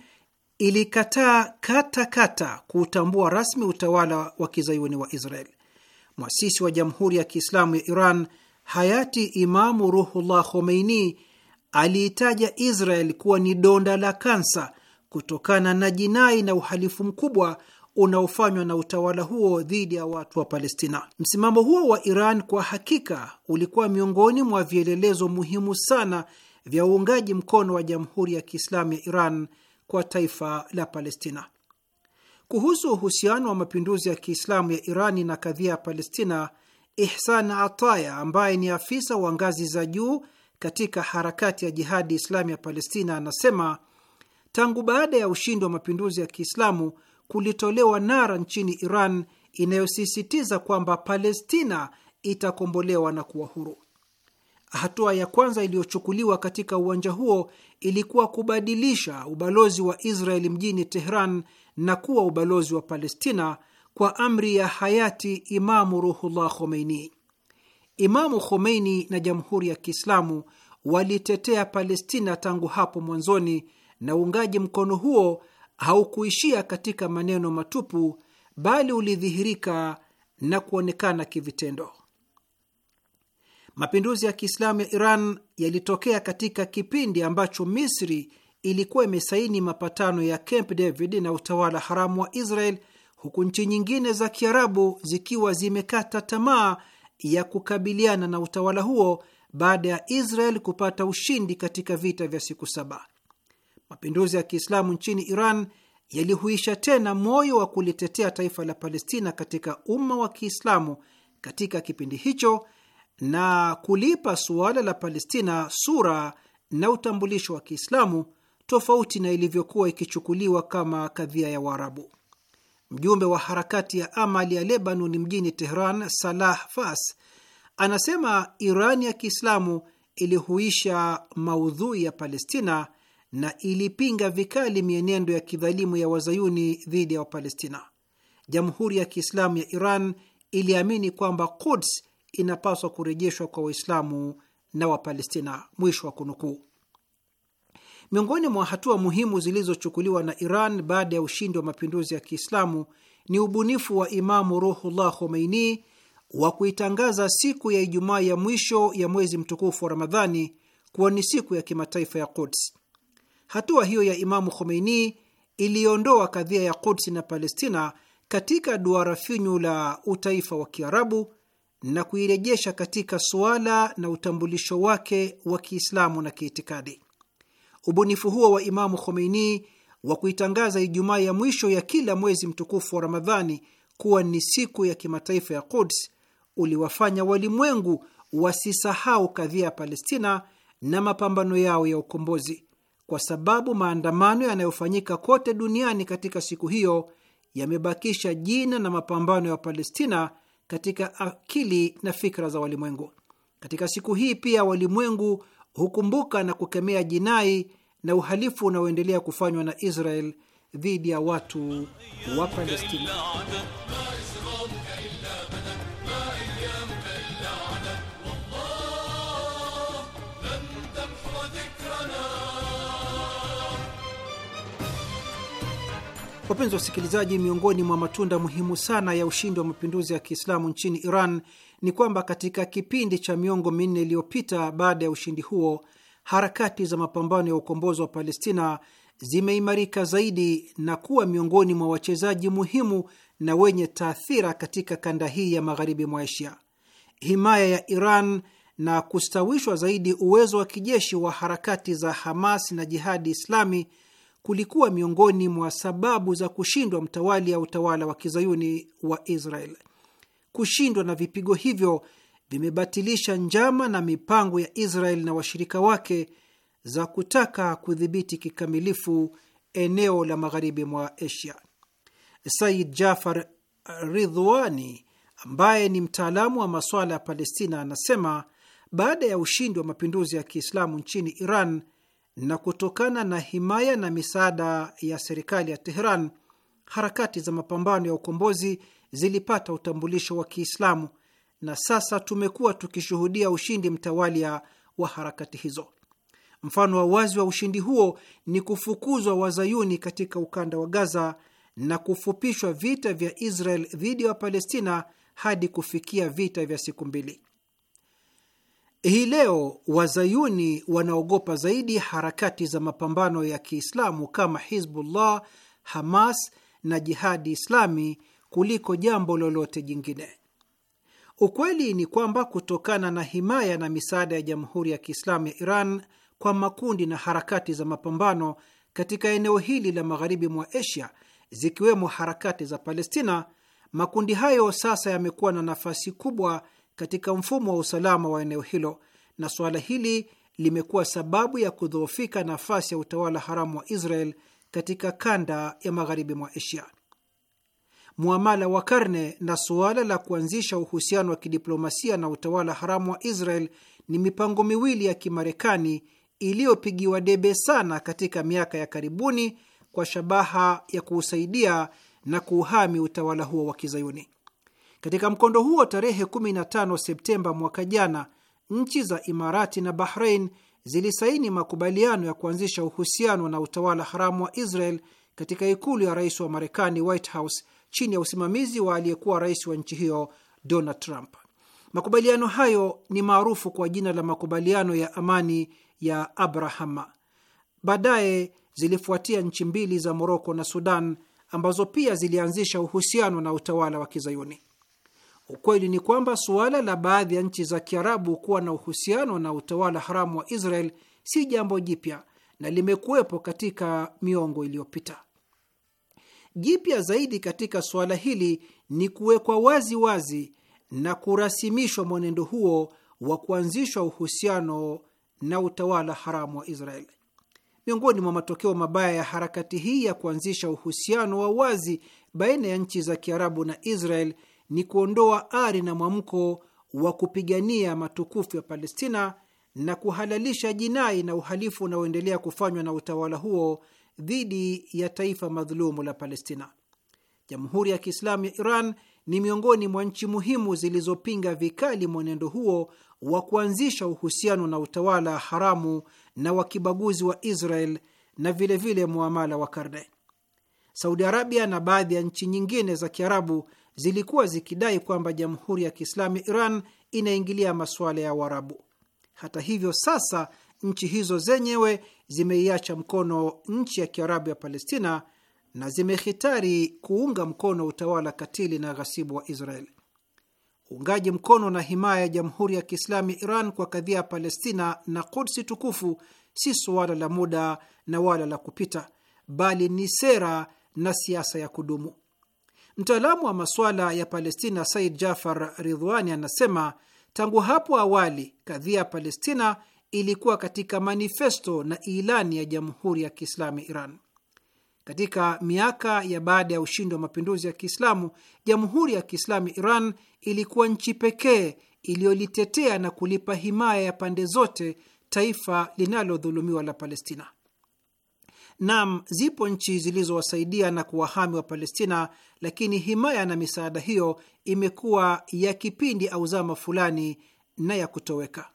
ilikataa katakata kuutambua rasmi utawala wa kizayuni wa Israel. Mwasisi wa Jamhuri ya Kiislamu ya Iran hayati Imamu Ruhullah Khomeini aliitaja Israel kuwa ni donda la kansa kutokana na jinai na uhalifu mkubwa unaofanywa na utawala huo dhidi ya watu wa Palestina. Msimamo huo wa Iran kwa hakika ulikuwa miongoni mwa vielelezo muhimu sana vya uungaji mkono wa Jamhuri ya Kiislamu ya Iran kwa taifa la Palestina. Kuhusu uhusiano wa mapinduzi ya Kiislamu ya Irani na kadhia ya Palestina, Ihsan Ataya ambaye ni afisa wa ngazi za juu katika harakati ya Jihadi Islami ya Palestina anasema tangu baada ya ushindi wa mapinduzi ya Kiislamu kulitolewa nara nchini Iran inayosisitiza kwamba Palestina itakombolewa na kuwa huru. Hatua ya kwanza iliyochukuliwa katika uwanja huo ilikuwa kubadilisha ubalozi wa Israeli mjini Tehran na kuwa ubalozi wa Palestina kwa amri ya hayati Imamu Ruhullah Khomeini. Imamu Khomeini na Jamhuri ya Kiislamu walitetea Palestina tangu hapo mwanzoni, na uungaji mkono huo haukuishia katika maneno matupu, bali ulidhihirika na kuonekana kivitendo. Mapinduzi ya Kiislamu ya Iran yalitokea katika kipindi ambacho Misri ilikuwa imesaini mapatano ya Camp David na utawala haramu wa Israel, huku nchi nyingine za Kiarabu zikiwa zimekata tamaa ya kukabiliana na utawala huo baada ya Israel kupata ushindi katika vita vya siku saba. Mapinduzi ya Kiislamu nchini Iran yalihuisha tena moyo wa kulitetea taifa la Palestina katika umma wa Kiislamu katika kipindi hicho na kulipa suala la Palestina sura na utambulisho wa Kiislamu tofauti na ilivyokuwa ikichukuliwa kama kadhia ya Waarabu. Mjumbe wa harakati ya Amali ya Lebanon mjini Tehran, Salah Fas, anasema Iran ya Kiislamu ilihuisha maudhui ya Palestina na ilipinga vikali mienendo ya kidhalimu ya wazayuni dhidi ya Wapalestina. Jamhuri ya Kiislamu ya Iran iliamini kwamba Quds inapaswa kurejeshwa kwa Waislamu na Wapalestina. Mwisho wa kunukuu. Miongoni mwa hatua muhimu zilizochukuliwa na Iran baada ya ushindi wa mapinduzi ya Kiislamu ni ubunifu wa Imamu Ruhullah Khomeini wa kuitangaza siku ya Ijumaa ya mwisho ya mwezi mtukufu wa Ramadhani kuwa ni siku ya kimataifa ya Quds. Hatua hiyo ya Imamu Khomeini iliondoa kadhia ya Kudsi na Palestina katika duara finyu la utaifa wa Kiarabu na kuirejesha katika suala na utambulisho wake wa Kiislamu na kiitikadi. Ubunifu huo wa Imamu Khomeini wa kuitangaza Ijumaa ya mwisho ya kila mwezi mtukufu wa Ramadhani kuwa ni siku ya kimataifa ya Quds uliwafanya walimwengu wasisahau kadhia ya Palestina na mapambano yao ya ukombozi kwa sababu maandamano yanayofanyika kote duniani katika siku hiyo yamebakisha jina na mapambano ya Palestina katika akili na fikra za walimwengu. Katika siku hii pia walimwengu hukumbuka na kukemea jinai na uhalifu unaoendelea kufanywa na Israel dhidi ya watu wa Palestina. Wapenzi wasikilizaji, miongoni mwa matunda muhimu sana ya ushindi wa mapinduzi ya Kiislamu nchini Iran ni kwamba katika kipindi cha miongo minne iliyopita baada ya ushindi huo, harakati za mapambano ya ukombozi wa Palestina zimeimarika zaidi na kuwa miongoni mwa wachezaji muhimu na wenye taathira katika kanda hii ya magharibi mwa Asia. Himaya ya Iran na kustawishwa zaidi uwezo wa kijeshi wa harakati za Hamas na Jihadi Islami kulikuwa miongoni mwa sababu za kushindwa mtawali ya utawala wa kizayuni wa Israel. Kushindwa na vipigo hivyo vimebatilisha njama na mipango ya Israel na washirika wake za kutaka kudhibiti kikamilifu eneo la magharibi mwa Asia. Said Jafar Ridhwani ambaye ni mtaalamu wa masuala ya Palestina anasema baada ya ushindi wa mapinduzi ya Kiislamu nchini Iran, na kutokana na himaya na misaada ya serikali ya Teheran, harakati za mapambano ya ukombozi zilipata utambulisho wa Kiislamu, na sasa tumekuwa tukishuhudia ushindi mtawalia wa harakati hizo. Mfano wa wazi wa ushindi huo ni kufukuzwa wazayuni katika ukanda wa Gaza na kufupishwa vita vya Israel dhidi ya Palestina hadi kufikia vita vya siku mbili. Hii leo wazayuni wanaogopa zaidi harakati za mapambano ya Kiislamu kama Hizbullah, Hamas na Jihadi Islami kuliko jambo lolote jingine. Ukweli ni kwamba kutokana na himaya na misaada ya Jamhuri ya Kiislamu ya Iran kwa makundi na harakati za mapambano katika eneo hili la magharibi mwa Asia, zikiwemo harakati za Palestina, makundi hayo sasa yamekuwa na nafasi kubwa katika mfumo wa usalama wa eneo hilo, na suala hili limekuwa sababu ya kudhoofika nafasi ya utawala haramu wa Israel katika kanda ya magharibi mwa Asia. Muamala wa karne na suala la kuanzisha uhusiano wa kidiplomasia na utawala haramu wa Israel ni mipango miwili ya Kimarekani iliyopigiwa debe sana katika miaka ya karibuni kwa shabaha ya kuusaidia na kuuhami utawala huo wa Kizayuni. Katika mkondo huo, tarehe 15 Septemba mwaka jana, nchi za Imarati na Bahrain zilisaini makubaliano ya kuanzisha uhusiano na utawala haramu wa Israel katika ikulu ya rais wa Marekani, White House, chini ya usimamizi wa aliyekuwa rais wa nchi hiyo Donald Trump. Makubaliano hayo ni maarufu kwa jina la makubaliano ya amani ya Abrahama. Baadaye zilifuatia nchi mbili za Moroko na Sudan ambazo pia zilianzisha uhusiano na utawala wa Kizayuni. Ukweli ni kwamba suala la baadhi ya nchi za Kiarabu kuwa na uhusiano na utawala haramu wa Israel si jambo jipya na limekuwepo katika miongo iliyopita. Jipya zaidi katika suala hili ni kuwekwa wazi wazi na kurasimishwa mwenendo huo wa kuanzishwa uhusiano na utawala haramu wa Israel. Miongoni mwa matokeo mabaya ya harakati hii ya kuanzisha uhusiano wa wazi baina ya nchi za Kiarabu na Israel ni kuondoa ari na mwamko wa kupigania matukufu ya Palestina na kuhalalisha jinai na uhalifu unaoendelea kufanywa na utawala huo dhidi ya taifa madhulumu la Palestina. Jamhuri ya Kiislamu ya Iran ni miongoni mwa nchi muhimu zilizopinga vikali mwenendo huo wa kuanzisha uhusiano na utawala haramu na wakibaguzi wa Israel na vilevile muamala wa karne. Saudi Arabia na baadhi ya nchi nyingine za Kiarabu zilikuwa zikidai kwamba Jamhuri ya Kiislamu Iran inaingilia masuala ya Uarabu. Hata hivyo, sasa nchi hizo zenyewe zimeiacha mkono nchi ya Kiarabu ya Palestina na zimehitari kuunga mkono utawala katili na ghasibu wa Israel. Uungaji mkono na himaya ya Jamhuri ya Kiislamu Iran kwa kadhia ya Palestina na Kudsi tukufu si suala la muda na wala la kupita, bali ni sera na siasa ya kudumu. Mtaalamu wa masuala ya Palestina Said Jafar Ridhwani anasema tangu hapo awali kadhia ya Palestina ilikuwa katika manifesto na ilani ya Jamhuri ya Kiislamu Iran. Katika miaka ya baada ya ushindi wa mapinduzi ya Kiislamu, Jamhuri ya Kiislamu Iran ilikuwa nchi pekee iliyolitetea na kulipa himaya ya pande zote taifa linalodhulumiwa la Palestina. Nam, zipo nchi zilizowasaidia na kuwahami wa Palestina, lakini himaya na misaada hiyo imekuwa ya kipindi au zama fulani na ya kutoweka.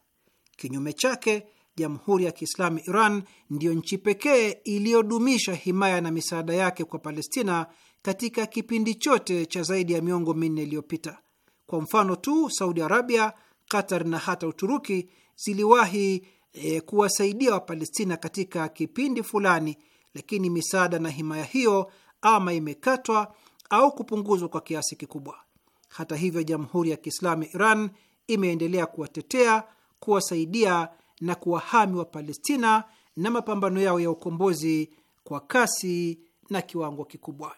Kinyume chake, Jamhuri ya Kiislamu Iran ndiyo nchi pekee iliyodumisha himaya na misaada yake kwa Palestina katika kipindi chote cha zaidi ya miongo minne iliyopita. Kwa mfano tu, Saudi Arabia, Qatar na hata Uturuki ziliwahi e, kuwasaidia Wapalestina katika kipindi fulani lakini misaada na himaya hiyo ama imekatwa au kupunguzwa kwa kiasi kikubwa. Hata hivyo, Jamhuri ya Kiislamu Iran imeendelea kuwatetea, kuwasaidia na kuwahami wa Palestina na mapambano yao ya ukombozi kwa kasi na kiwango kikubwa.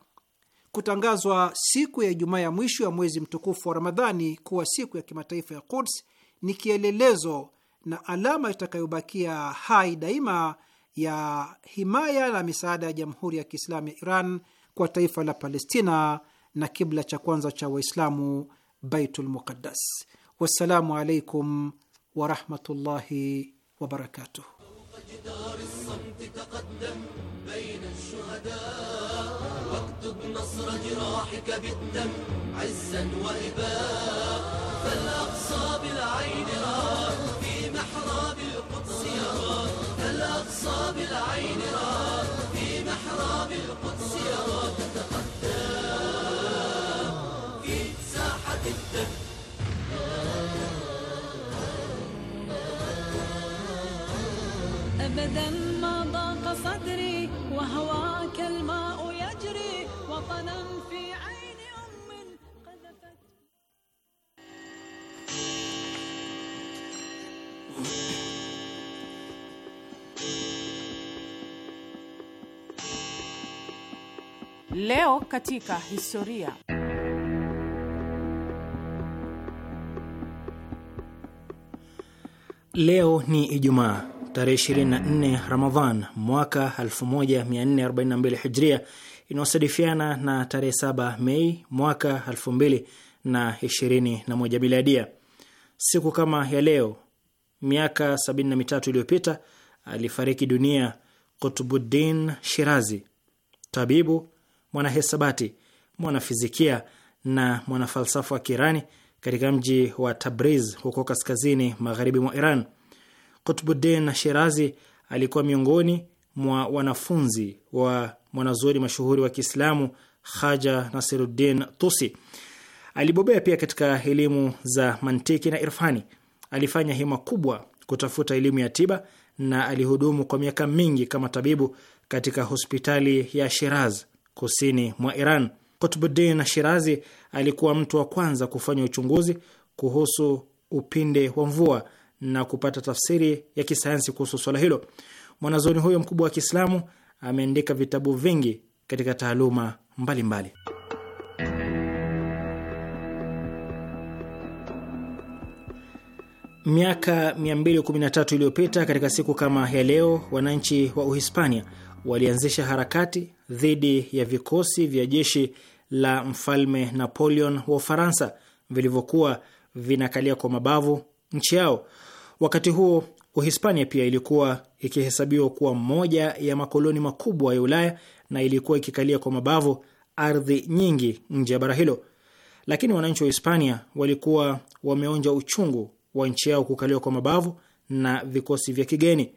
Kutangazwa siku ya Ijumaa ya mwisho ya mwezi mtukufu wa Ramadhani kuwa siku ya kimataifa ya Quds ni kielelezo na alama itakayobakia hai daima ya himaya na misaada ya Jamhuri ya Kiislamu ya Iran kwa taifa la Palestina na kibla cha kwanza cha Waislamu, Baitul Muqaddas. Wassalamu alaikum warahmatullahi wabarakatuh. بالدم عزا وإباء فالأقصى بالعين رأى أصاب العين رار في محراب القدس يرى تتقدم في ساحة الدم أبداً Leo katika historia. Leo ni Ijumaa tarehe 24 Ramadhan mwaka 1442 Hijria, inayosadifiana na tarehe 7 Mei mwaka 2021 Miladia. Siku kama ya leo miaka 73 iliyopita alifariki dunia Kutubuddin Shirazi, tabibu mwanahesabati, mwanafizikia na mwanafalsafa wa Kiirani katika mji wa Tabriz huko kaskazini magharibi mwa Iran. Kutbuddin Shirazi alikuwa miongoni mwa wanafunzi wa mwanazuoni mashuhuri wa Kiislamu Haja Nasiruddin Tusi. Alibobea pia katika elimu za mantiki na irfani. Alifanya hima kubwa kutafuta elimu ya tiba na alihudumu kwa miaka mingi kama tabibu katika hospitali ya Shiraz kusini mwa Iran. Kutbuddin Shirazi alikuwa mtu wa kwanza kufanya uchunguzi kuhusu upinde wa mvua na kupata tafsiri ya kisayansi kuhusu swala hilo. mwanazoni huyo mkubwa wa Kiislamu ameandika vitabu vingi katika taaluma mbalimbali mbali. Miaka 213 iliyopita katika siku kama ya leo, wananchi wa Uhispania walianzisha harakati dhidi ya vikosi vya jeshi la mfalme Napoleon wa Ufaransa vilivyokuwa vinakalia kwa mabavu nchi yao. Wakati huo, Uhispania pia ilikuwa ikihesabiwa kuwa moja ya makoloni makubwa ya Ulaya na ilikuwa ikikalia kwa mabavu ardhi nyingi nje ya bara hilo, lakini wananchi wa Hispania walikuwa wameonja uchungu wa nchi yao kukaliwa kwa mabavu na vikosi vya kigeni.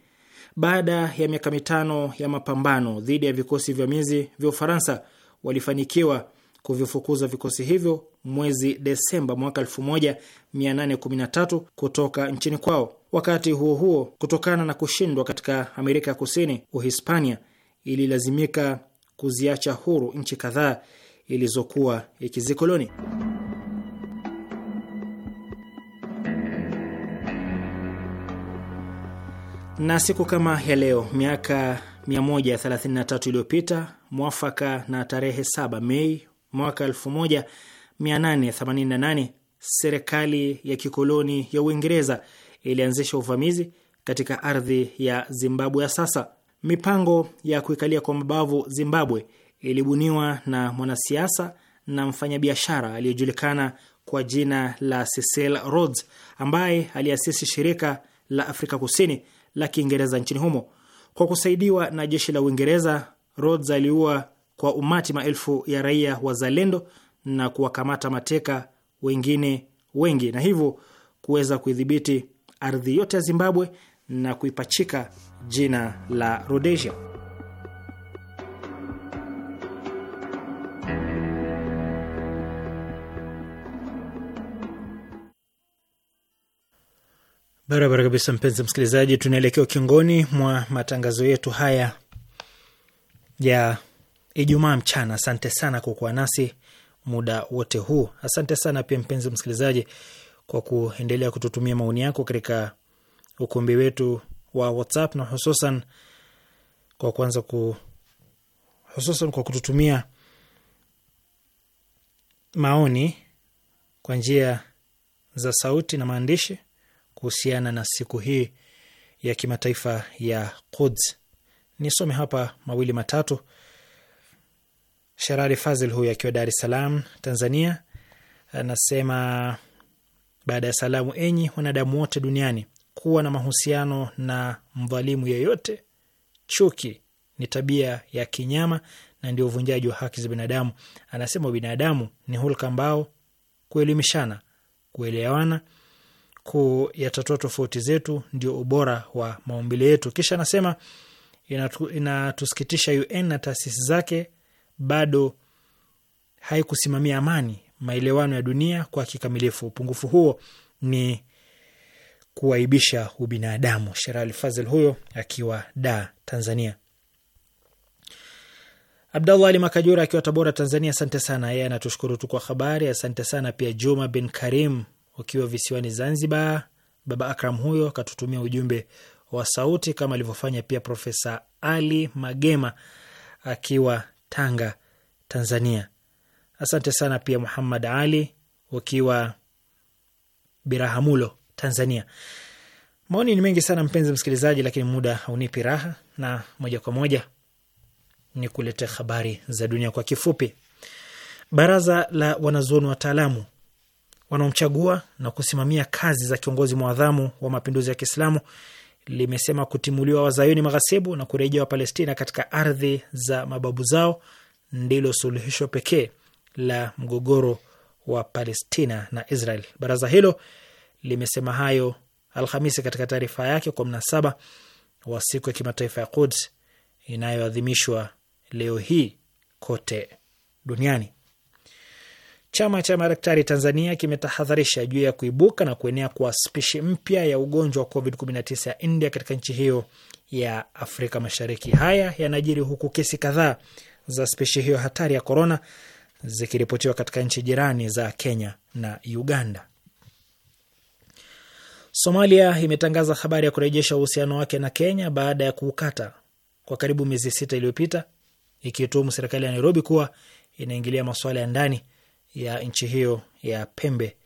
Baada ya miaka mitano ya mapambano dhidi ya vikosi vya mizi vya Ufaransa, walifanikiwa kuvifukuza vikosi hivyo mwezi Desemba mwaka 1813 kutoka nchini kwao. Wakati huo huo, kutokana na kushindwa katika Amerika ya Kusini, Uhispania ililazimika kuziacha huru nchi kadhaa ilizokuwa ikizikoloni. Na siku kama ya leo miaka 133 iliyopita mwafaka na tarehe 7 Mei mwaka 1888 serikali ya kikoloni ya Uingereza ilianzisha uvamizi katika ardhi ya Zimbabwe ya sasa. Mipango ya kuikalia kwa mabavu Zimbabwe ilibuniwa na mwanasiasa na mfanyabiashara aliyejulikana kwa jina la Cecil Rhodes ambaye aliasisi shirika la Afrika Kusini la Kiingereza nchini humo. Kwa kusaidiwa na jeshi la Uingereza, Rhodes aliua kwa umati maelfu ya raia wazalendo na kuwakamata mateka wengine wengi, na hivyo kuweza kuidhibiti ardhi yote ya Zimbabwe na kuipachika jina la Rhodesia. Barabara kabisa, mpenzi msikilizaji, tunaelekea ukingoni mwa matangazo yetu haya ya Ijumaa mchana. Asante sana kwa kuwa nasi muda wote huu. Asante sana pia mpenzi msikilizaji kwa kuendelea kututumia maoni yako katika ukumbi wetu wa WhatsApp na hususan kwa kuanza ku hususan kwa kututumia maoni kwa njia za sauti na maandishi kuhusiana na siku hii ya kimataifa ya Quds. Nisome hapa mawili matatu. Sharari Fazil huyu akiwa Dar es Salaam, Tanzania, anasema baada ya salamu, enyi wanadamu wote duniani, kuwa na mahusiano na mdhalimu yeyote, chuki ni tabia ya kinyama na ndio uvunjaji wa haki za binadamu. Anasema binadamu ni hulka ambao kuelimishana, kuelewana kuyatatua tofauti zetu ndio ubora wa maumbile yetu. Kisha anasema inatusikitisha UN na taasisi zake bado haikusimamia amani, maelewano ya dunia kwa kikamilifu. Upungufu huo ni kuwaibisha ubinadamu. Sherali Fazil huyo akiwa da Tanzania. Abdallah Ali Makajura akiwa Tabora, Tanzania, asante sana. Yeye anatushukuru tu kwa habari, asante sana pia. Juma bin Karim ukiwa visiwani Zanzibar. Baba Akram huyo katutumia ujumbe wa sauti kama alivyofanya pia Profesa Ali Magema akiwa Tanga, Tanzania. Asante sana pia Muhammad Ali ukiwa Birahamulo, Tanzania. Maoni ni mengi sana mpenzi msikilizaji, lakini muda haunipi raha, na moja kwa moja ni kulete habari za dunia kwa kifupi. Baraza la wanazuoni wataalamu wanaomchagua na kusimamia kazi za kiongozi mwadhamu wa mapinduzi ya Kiislamu limesema kutimuliwa wazayuni maghasibu na kurejea Wapalestina katika ardhi za mababu zao ndilo suluhisho pekee la mgogoro wa Palestina na Israel. Baraza hilo limesema hayo Alhamisi katika taarifa yake kwa mnasaba wa siku ya kimataifa ya Quds inayoadhimishwa leo hii kote duniani. Chama cha madaktari Tanzania kimetahadharisha juu ya kuibuka na kuenea kwa spishi mpya ya ugonjwa wa COVID-19 ya India katika nchi hiyo ya Afrika Mashariki. Haya yanajiri huku kesi kadhaa za spishi hiyo hatari ya korona zikiripotiwa katika nchi jirani za Kenya na Uganda. Somalia imetangaza habari ya kurejesha uhusiano wake na Kenya baada ya kuukata kwa karibu miezi sita iliyopita, ikituhumu serikali ya Nairobi kuwa inaingilia masuala ya ndani ya nchi hiyo ya pembe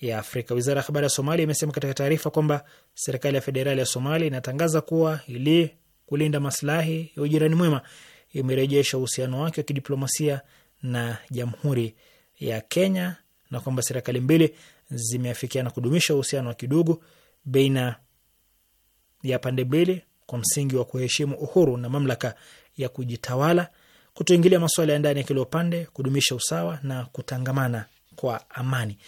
ya Afrika. Wizara ya habari ya Somalia imesema katika taarifa kwamba serikali ya federali ya Somalia inatangaza kuwa ili kulinda maslahi ya ujirani mwema imerejesha uhusiano wake wa kidiplomasia na jamhuri ya Kenya na kwamba serikali mbili zimeafikiana kudumisha uhusiano wa kidugu baina ya pande mbili kwa msingi wa kuheshimu uhuru na mamlaka ya kujitawala kutoingilia masuala ya ndani ya kila upande, kudumisha usawa na kutangamana kwa amani.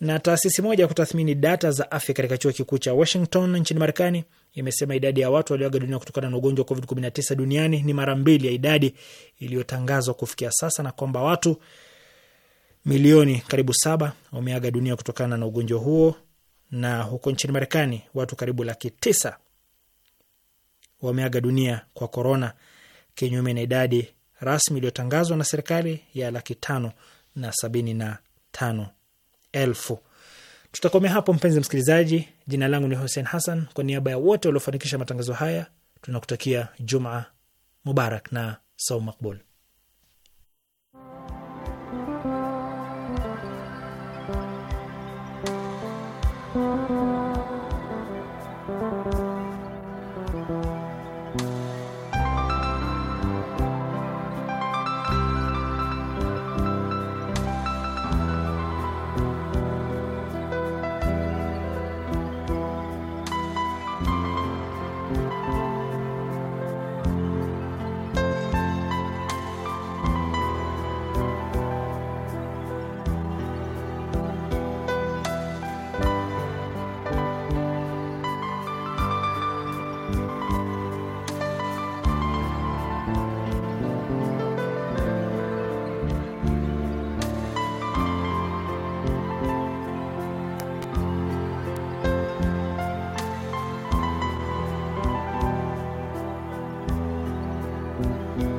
Na taasisi moja ya kutathmini data za afya katika chuo kikuu cha Washington nchini Marekani imesema idadi ya watu walioaga dunia kutokana na ugonjwa wa COVID-19 duniani ni mara mbili ya idadi iliyotangazwa kufikia sasa na kwamba watu milioni karibu saba wameaga dunia kutokana na ugonjwa huo, na huko nchini Marekani watu karibu laki tisa wameaga dunia kwa korona, kinyume na idadi rasmi iliyotangazwa na serikali ya laki tano na sabini na tano elfu. Tutakomea hapo mpenzi msikilizaji. Jina langu ni Hussein Hassan, kwa niaba ya wote waliofanikisha matangazo haya tunakutakia Juma Mubarak na sau makbul. you